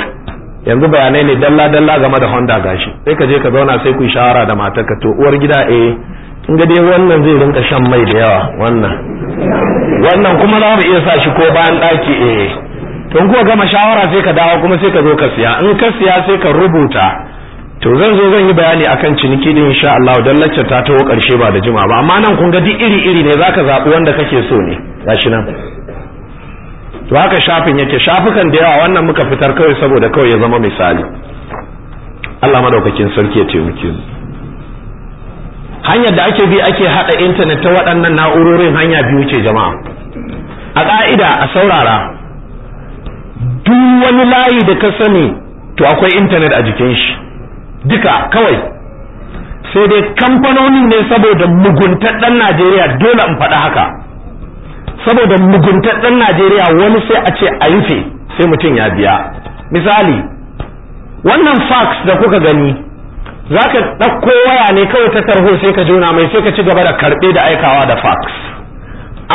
yanzu bayanai ne dalla dalla game da Honda gashi sai ka je ka zauna sai ku shawara da ka to uwar gida eh in ga dai wannan zai rinka shan mai da yawa wannan wannan kuma za mu iya sa shi ko bayan ɗaki eh to in gama shawara sai ka dawo kuma sai ka zo ka siya in ka siya sai ka rubuta to zan zo zan yi bayani akan ciniki din insha Allah dan laccar ta taho karshe ba da juma'a ba amma nan kun ga duk iri iri ne zaka zabi wanda kake so ne gashi nan to haka shafin yake shafukan da yawa wannan muka fitar kawai saboda kawai ya zama misali Allah madaukakin sarki ya taimake mu hanyar da ake bi ake hada intanet ta waɗannan na'urorin hanya biyu ce jama'a a ƙa'ida a saurara duk wani layi da ka sani to akwai intanet a jikin shi duka kawai sai dai kamfanoni ne saboda muguntar ɗan najeriya dole in faɗa haka saboda muguntar ɗan najeriya wani sai a ce a rufe sai mutum ya biya misali wannan fax da kuka gani za ka ɗauko waya ne kawai ta tarho sai ka jona mai sai ka ci gaba da karɓe da aikawa da fax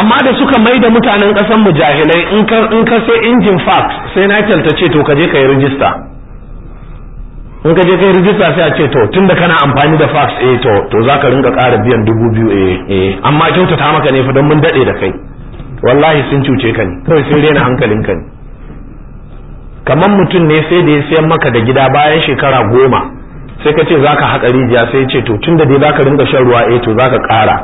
amma da suka mai da mutanen ƙasar mu jahilai in ka sai injin fax sai na ta ce to ka ka yi rijista in ka je ka yi rijista sai a ce to tunda kana amfani da fax eh to to za ka rinka ƙara biyan dubu biyu eh eh amma kyautata maka ne fa don mun daɗe da kai wallahi sun cuce ka ne kawai sun rena ka ne kamar mutum ne sai da ya sayan maka da gida bayan shekara goma sai ka ce zaka haƙa rijiya sai ce to tun da dai zaka ringa shan ruwa eh to zaka ƙara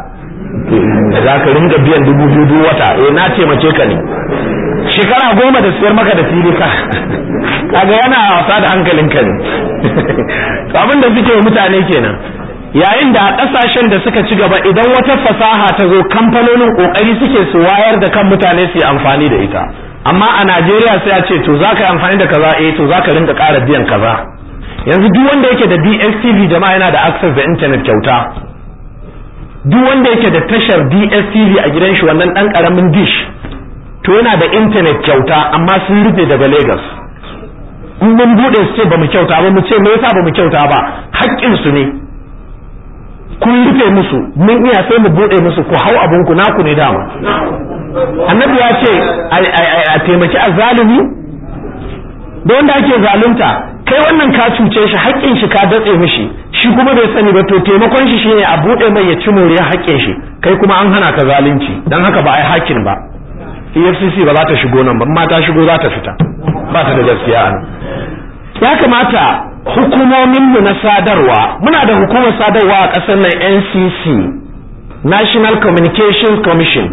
zaka ringa biyan dubu biyu duk wata eh na mace ka ne shekara goma da siyar maka da fili ka kaga yana wasa da hankalin ka ne abin da suke mutane kenan yayin da a kasashen da suka ci gaba idan wata fasaha ta zo kamfanonin kokari suke su wayar da kan mutane su yi amfani da ita amma a Najeriya sai a ce to zaka yi amfani da kaza eh to zaka ringa ƙara biyan kaza yanzu duk wanda yake da DSTV jama'a yana da access da internet kyauta duk wanda yake da tashar DSTV a gidan shi wannan dan karamin dish to yana da internet kyauta amma sun rufe daga Lagos in mun bude su ce ba mu kyauta ba mu ce me yasa ba mu kyauta ba hakkin su ne kun rufe musu mun iya sai mu bude musu ku hau abun ku naku ne dama annabi ya ce a taimaki don da ake zalunta kai wannan ka cuce shi haƙƙin shi ka datse mishi shi kuma bai sani ba to taimakon shi shine a bude mai ya ci moriya haƙƙin shi kai kuma an hana ka zalunci dan haka ba ai hakin ba EFCC ba za ta shigo nan ba amma ta shigo za ta fita ba ta da gaskiya an ya kamata hukumomin mu na sadarwa muna da hukumar sadarwa a ƙasar nan NCC National Communications Commission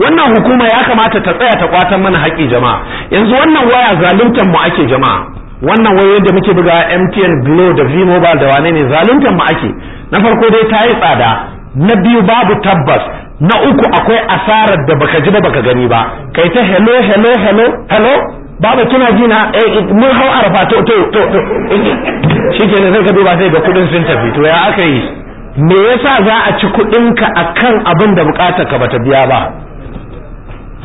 wannan hukuma ya kamata ta tsaya ta kwatan mana haƙƙi jama'a yanzu wannan waya zaluntan mu ake jama'a wannan wayoyin da muke buga MTN Glo da V Mobile da wane ne zaluntar mu ake na farko dai ta yi tsada na biyu babu tabbas na uku akwai asarar da baka ji ba baka gani ba kai ta hello hello hello hello baba kina ji na eh, eh, mun hau arfa to to to shikenan sai ka duba sai ga kudin sun tafi to ya aka yi me yasa za a ci kudin ka akan abin da bukatar ka bata biya ba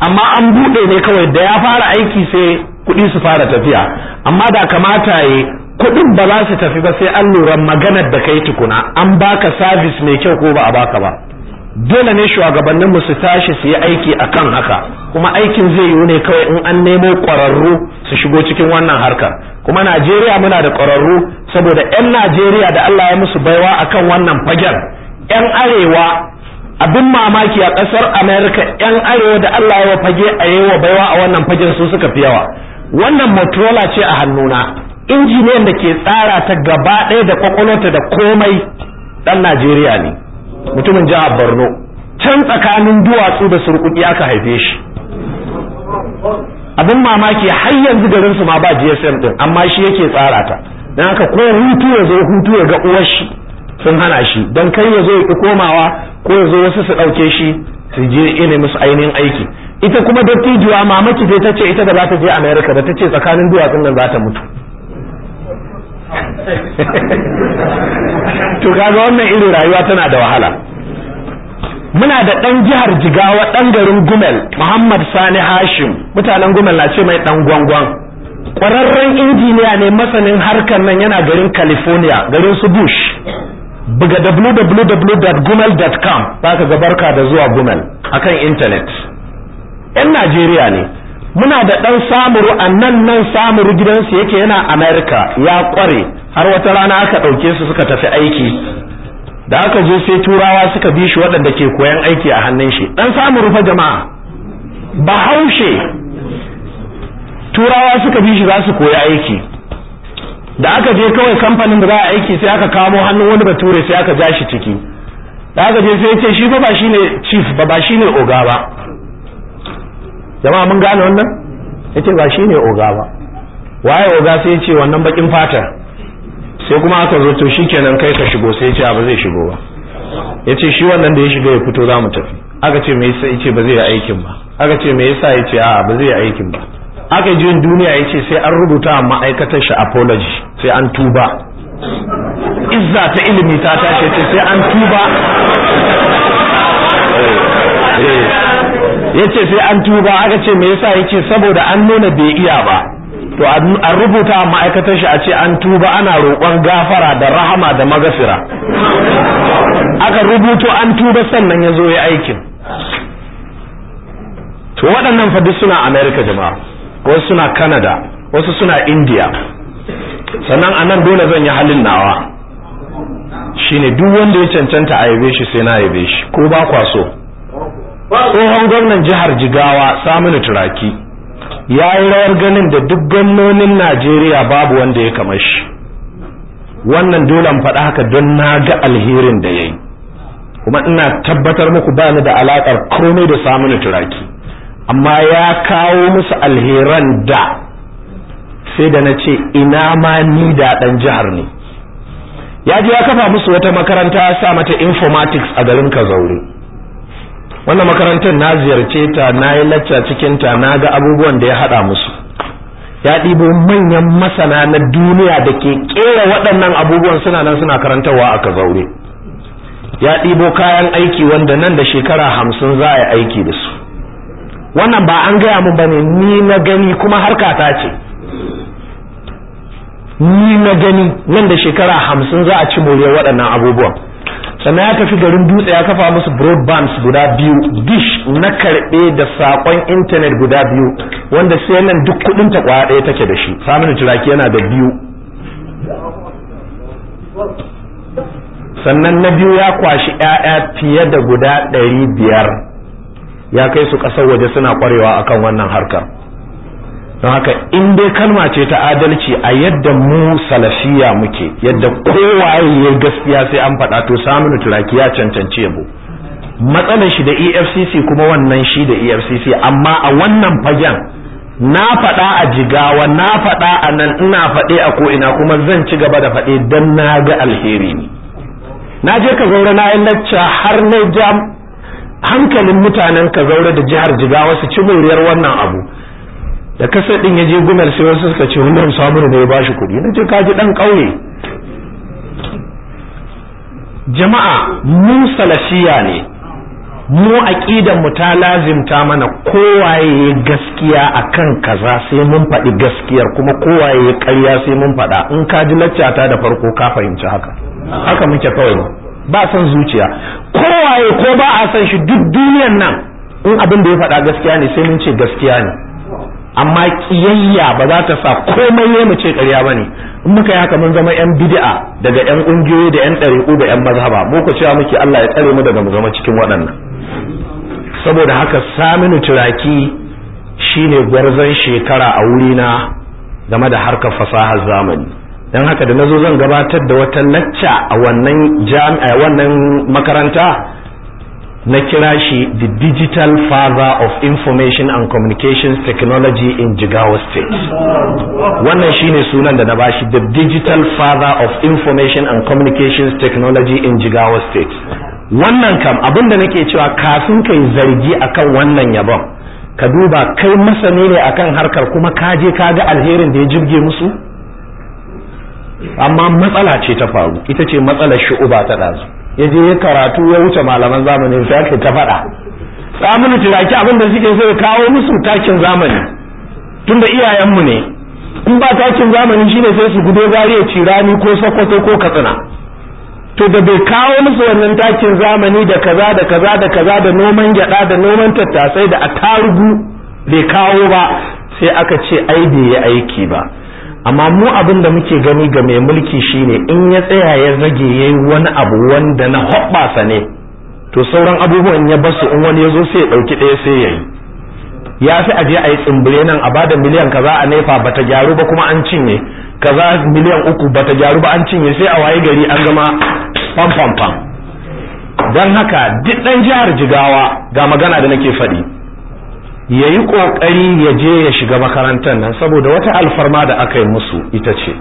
amma an buɗe ne kawai da ya fara aiki sai kuɗi su fara tafiya amma da kamata yi kuɗin ba za su tafi ba sai an lura maganar da kai tukuna an baka sabis mai kyau ko ba a baka ba dole ne shugabannin mu su tashi su yi aiki akan haka kuma aikin zai yiwu ne kawai in an nemo ƙwararru su shigo cikin wannan harkar kuma Najeriya muna da ƙwararru saboda 'yan Najeriya da Allah ya musu baiwa akan wannan fagen 'yan arewa abin mamaki a ƙasar Amerika 'yan arewa da Allah ya fage a yi wa baiwa a wannan fagen su suka fi yawa wannan motorola ce a hannuna injiniyan da ke tsara ta gaba ɗaya da kwakwalwata da komai ɗan najeriya ne mutumin jihar borno can tsakanin duwatsu da surkuɗi aka haife shi abin mamaki har yanzu garin su ma ba gsm ɗin, amma shi yake tsara ta don haka ko hutu ya zo hutu ya ga uwar shi sun hana shi don kai ya zo ya ki komawa ko ya zo wasu su ɗauke shi su je ina musu ainihin aiki ita kuma dattijuwa mamaki sai ta ce ita da za ta je america da ta ce tsakanin duwatsun nan za ta mutu to kaga wannan irin rayuwa tana da wahala muna da ɗan jihar jigawa ɗan garin gumel muhammad sani hashim mutanen gumel na ce mai ɗan gwangwan ƙwararren injiniya ne masanin harkar nan yana garin california garin su bush buga www.gumel.com za ka ga barka da zuwa gumel akan intanet 'yan Najeriya ne muna da ɗan samuru a nan nan samuru gidansu yake yana Amerika ya ƙware har wata rana aka ɗauke su suka tafi aiki da aka je sai turawa suka bi shi waɗanda ke koyan aiki a hannun shi ɗan samuru fa jama'a bahaushe turawa suka bi shi za su koyi aiki da aka je kawai kamfanin da za a aiki sai aka kamo hannun wani bature sai aka ja shi ciki da aka je sai ce shi ba ba shine chief ba ba shine oga ba jama'a mun gane wannan Ya ce ba ne oga ba waye oga sai ya ce wannan bakin fata sai kuma aka zo to shikenan kai ka shigo sai ya ce ba zai shigo ba Ya ce shi wannan da ya shiga ya fito za mu tafi aka ce me yasa ce ba zai yi aikin ba aka ce me yasa ya ce a ba zai yi aikin ba aka ji duniya ya ce sai an rubuta ma'aikatar shi apology sai an tuba izza ta ilimi ta tashi sai an tuba Eh. Ya ce sai an tuba aka ce me yasa yace saboda an nuna bai iya ba to a rubuta ma'aikatar shi a ce an tuba ana roƙon gafara da rahama da magasira aka rubuto an tuba sannan ya zo ya aikin to waɗannan fa suna amerika jama'a wasu suna canada wasu suna india sannan a nan dole zan yi halin nawa shine duk wanda ya cancanta a yabe shi sai na yabe shi ko ba kwa so tsohon gwamnan jihar jigawa saminu turaki ya yi rawar ganin da duk gwamnonin najeriya babu wanda ya kama shi wannan dole faɗa haka don na ga alherin da ya yi kuma ina tabbatar muku ba ni da alaƙar komai da saminu turaki amma ya kawo musu alheran da sai da na ce ina ma ni da ɗan jihar ne ya ji ya kafa musu wata makaranta ya sa mata informatics a garin kazaure wannan makarantar na ziyarce ta na yi lacca cikin ta na ga abubuwan da ya haɗa musu ya ɗibo manyan masana na duniya da ke ƙera waɗannan abubuwan suna nan suna karantarwa a kazaure ya ɗibo kayan aiki wanda nan da shekara hamsin za a yi aiki da su wannan ba an gaya mu bane ni na gani kuma ta ce ni na gani nan da shekara hamsin za a ci moriyar waɗannan abubuwan sannan ya tafi garin dutse ya kafa musu broadbands guda biyu dish na karbe da saƙon intanet guda biyu wanda sai nan duk kuɗin ta kwaya ɗaya take da shi samun jiraki yana da biyu sannan na biyu ya kwashi 'ya'ya fiye da guda ɗari biyar ya kai su ƙasar waje suna kwarewa akan wannan harkar don haka in dai kalma ce ta adalci a yadda mu salafiya muke yadda kowaye ya gaskiya sai an faɗa to samun turaki ya cancanci yabo matsalar shi da efcc kuma wannan shi da efcc amma a wannan fagen na faɗa a jigawa na faɗa a nan ina faɗe a ko'ina kuma zan ci gaba da faɗe don na ga alheri ne na je ka zaure na yi lacca har na ja hankalin mutanen ka zaure da jihar jigawa su ci wannan abu da kasa din ya je gumar sai wasu suka ce wannan saburu ne ya bashi kuɗi na ce kaji dan ƙauye jama'a mu salashiya ne mu aqidan mu ta lazimta mana kowaye gaskiya akan kaza sai mun faɗi gaskiyar kuma kowaye ƙarya sai mun faɗa in ka ji ta da farko ka fahimci haka haka muke kawai ba son zuciya kowaye ko ba a san shi duk duniyan nan in abin da ya faɗa gaskiya ne sai mun ce gaskiya ne amma kiyayya ba za ta sa komai ya mu ce ba ne, in muka yi haka mun zama yan bid'a daga yan ƙungiyoyi da yan ɗariƙu da yan mazhaba mu ku cewa muke Allah ya tsare mu daga mu zama cikin waɗannan saboda haka saminu turaki shine gwarzon shekara a wurina game da harkar fasahar zamani Dan haka da nazo zan gabatar da wata lacca a wannan wannan makaranta na kira shi the digital father of information and communications technology in Jigawa state wannan shine sunan da na bashi the digital father of information and communications technology in Jigawa state wannan kam abinda nake cewa kafin kai zargi akan wannan yabon ka duba kai masani ne akan harkar kuma ka je ka ga alherin da ya jirge musu amma matsala ce ta faru ita ce matsalar shu'uba ta ɗazu ya je karatu ya wuce malaman zamani sai ake ta faɗa samun turaki abin da suke sai kawo musu takin zamani tunda iyayenmu ne in ba takin zamani shine sai su gudo zariya rani ko sokoto ko katsina to da bai kawo musu wannan takin zamani da kaza da kaza da kaza da noman gyada da noman tattasai da tarugu bai kawo ba sai aka ce ai bai yi aiki ba amma mu abin da muke gani ga mai mulki shine in ya tsaya ya rage yayi wani abu wanda na hoɓasa ne to sauran abubuwan ya basu in wani ya zo sai ya ɗauki ɗaya sai ya yi ya fi aje a yi tsimbire nan a bada miliyan kaza a nefa bata gyaru ba kuma an cinye kaza miliyan uku bata gyaru ba an cinye sai a waye gari an zama pam pam pam don haka duk ɗan jihar jigawa ga magana da nake faɗi ya yi ƙoƙari ya je ya shiga makarantar nan saboda wata alfarma da aka yi musu ita ce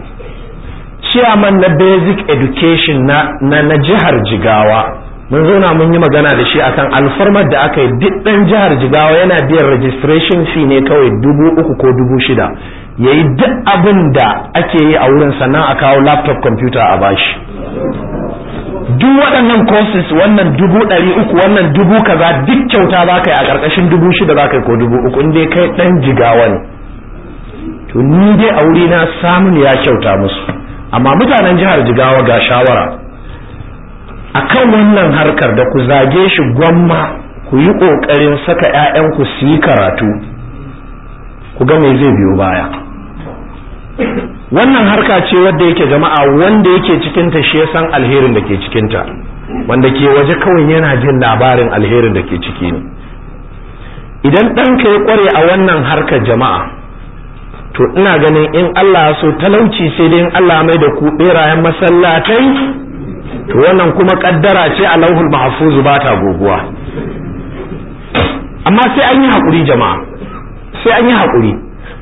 ciyaman na basic education na na, jihar jigawa mun zauna mun yi magana da shi akan alfarmar da aka yi duk ɗan jihar jigawa yana biyan registration fee ne kawai dubu uku ko dubu shida ya yi duk abin da ake yi a wurin sannan a kawo laptop computer a bashi duk waɗannan courses wannan dubu ɗari uku wannan dubu kaza duk kyauta za ka yi a ƙarƙashin dubu shida za ka yi ko dubu uku inda kai ɗan jigawa ne to ni dai a wuri na samun ya kyauta musu amma mutanen jihar jigawa ga shawara A kan wannan harkar da ku zage shi gwamma ku yi ƙoƙarin saka 'ya'yanku su yi karatu ku ga me zai biyo baya wannan harka ce wadda yake jama'a wanda yake cikinta shi ya san alherin da ke cikinta wanda ke waje kawai yana jin labarin alherin da ke ciki ne idan ɗanka ya kware a wannan harkar jama'a to ina ganin in Allah ya so talauci sai dai in Allah mai da ku ɓerayen masallatai to wannan kuma ƙaddara ce a lauhul mahafuzu ba ta goguwa amma sai an yi haƙuri jama'a sai an yi haƙuri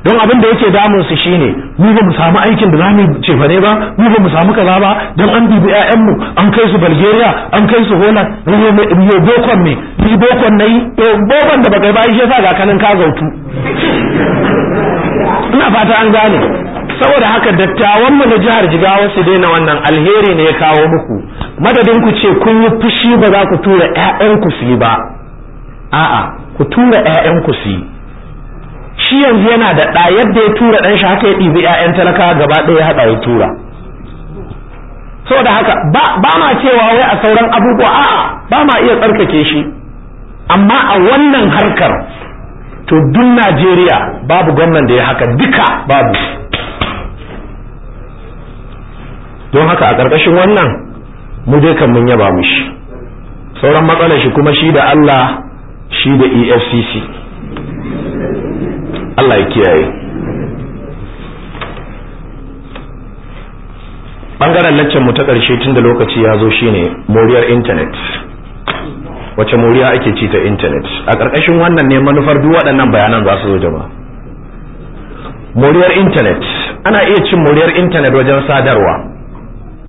don abin da yake damun su shine mu ba mu samu aikin da zamu ce fa ba mu ba mu samu kaza ba dan an bibi ƴaƴan mu an kai su Bulgaria an kai su Holland riyo bokon ne ni bokon nayi bokon da bakai ba shi yasa ga kanin ka zautu ina fata an gane saboda haka dattawan mu na jihar Jigawa su daina wannan alheri ne ya kawo muku madadin ku ce kun yi fushi ba za ku tura ƴaƴan ku su yi ba a'a ku tura ƴaƴan ku su yi shi yanzu yana da ɗa yadda ya tura ɗan shi haka ya ɗibi 'ya'yan talaka gaba ɗaya ya haɗa ya tura saboda haka ba ma cewa wai a sauran abubuwa a ba ma iya tsarkake shi amma a wannan harkar to duk Najeriya babu gwamnan da ya haka duka babu don haka a ƙarƙashin wannan mu dai kan mun yaba mu shi sauran matsalar shi kuma shi da Allah shi da EFCC Allah ya kiyaye bangaren laccan mu ta ƙarshe tun da lokaci ya zo shine moriyar intanet wace moriya ake ci ta intanet a ƙarƙashin wannan ne manufar duk waɗannan bayanan za su zo jaba moriyar intanet ana iya cin moriyar intanet wajen sadarwa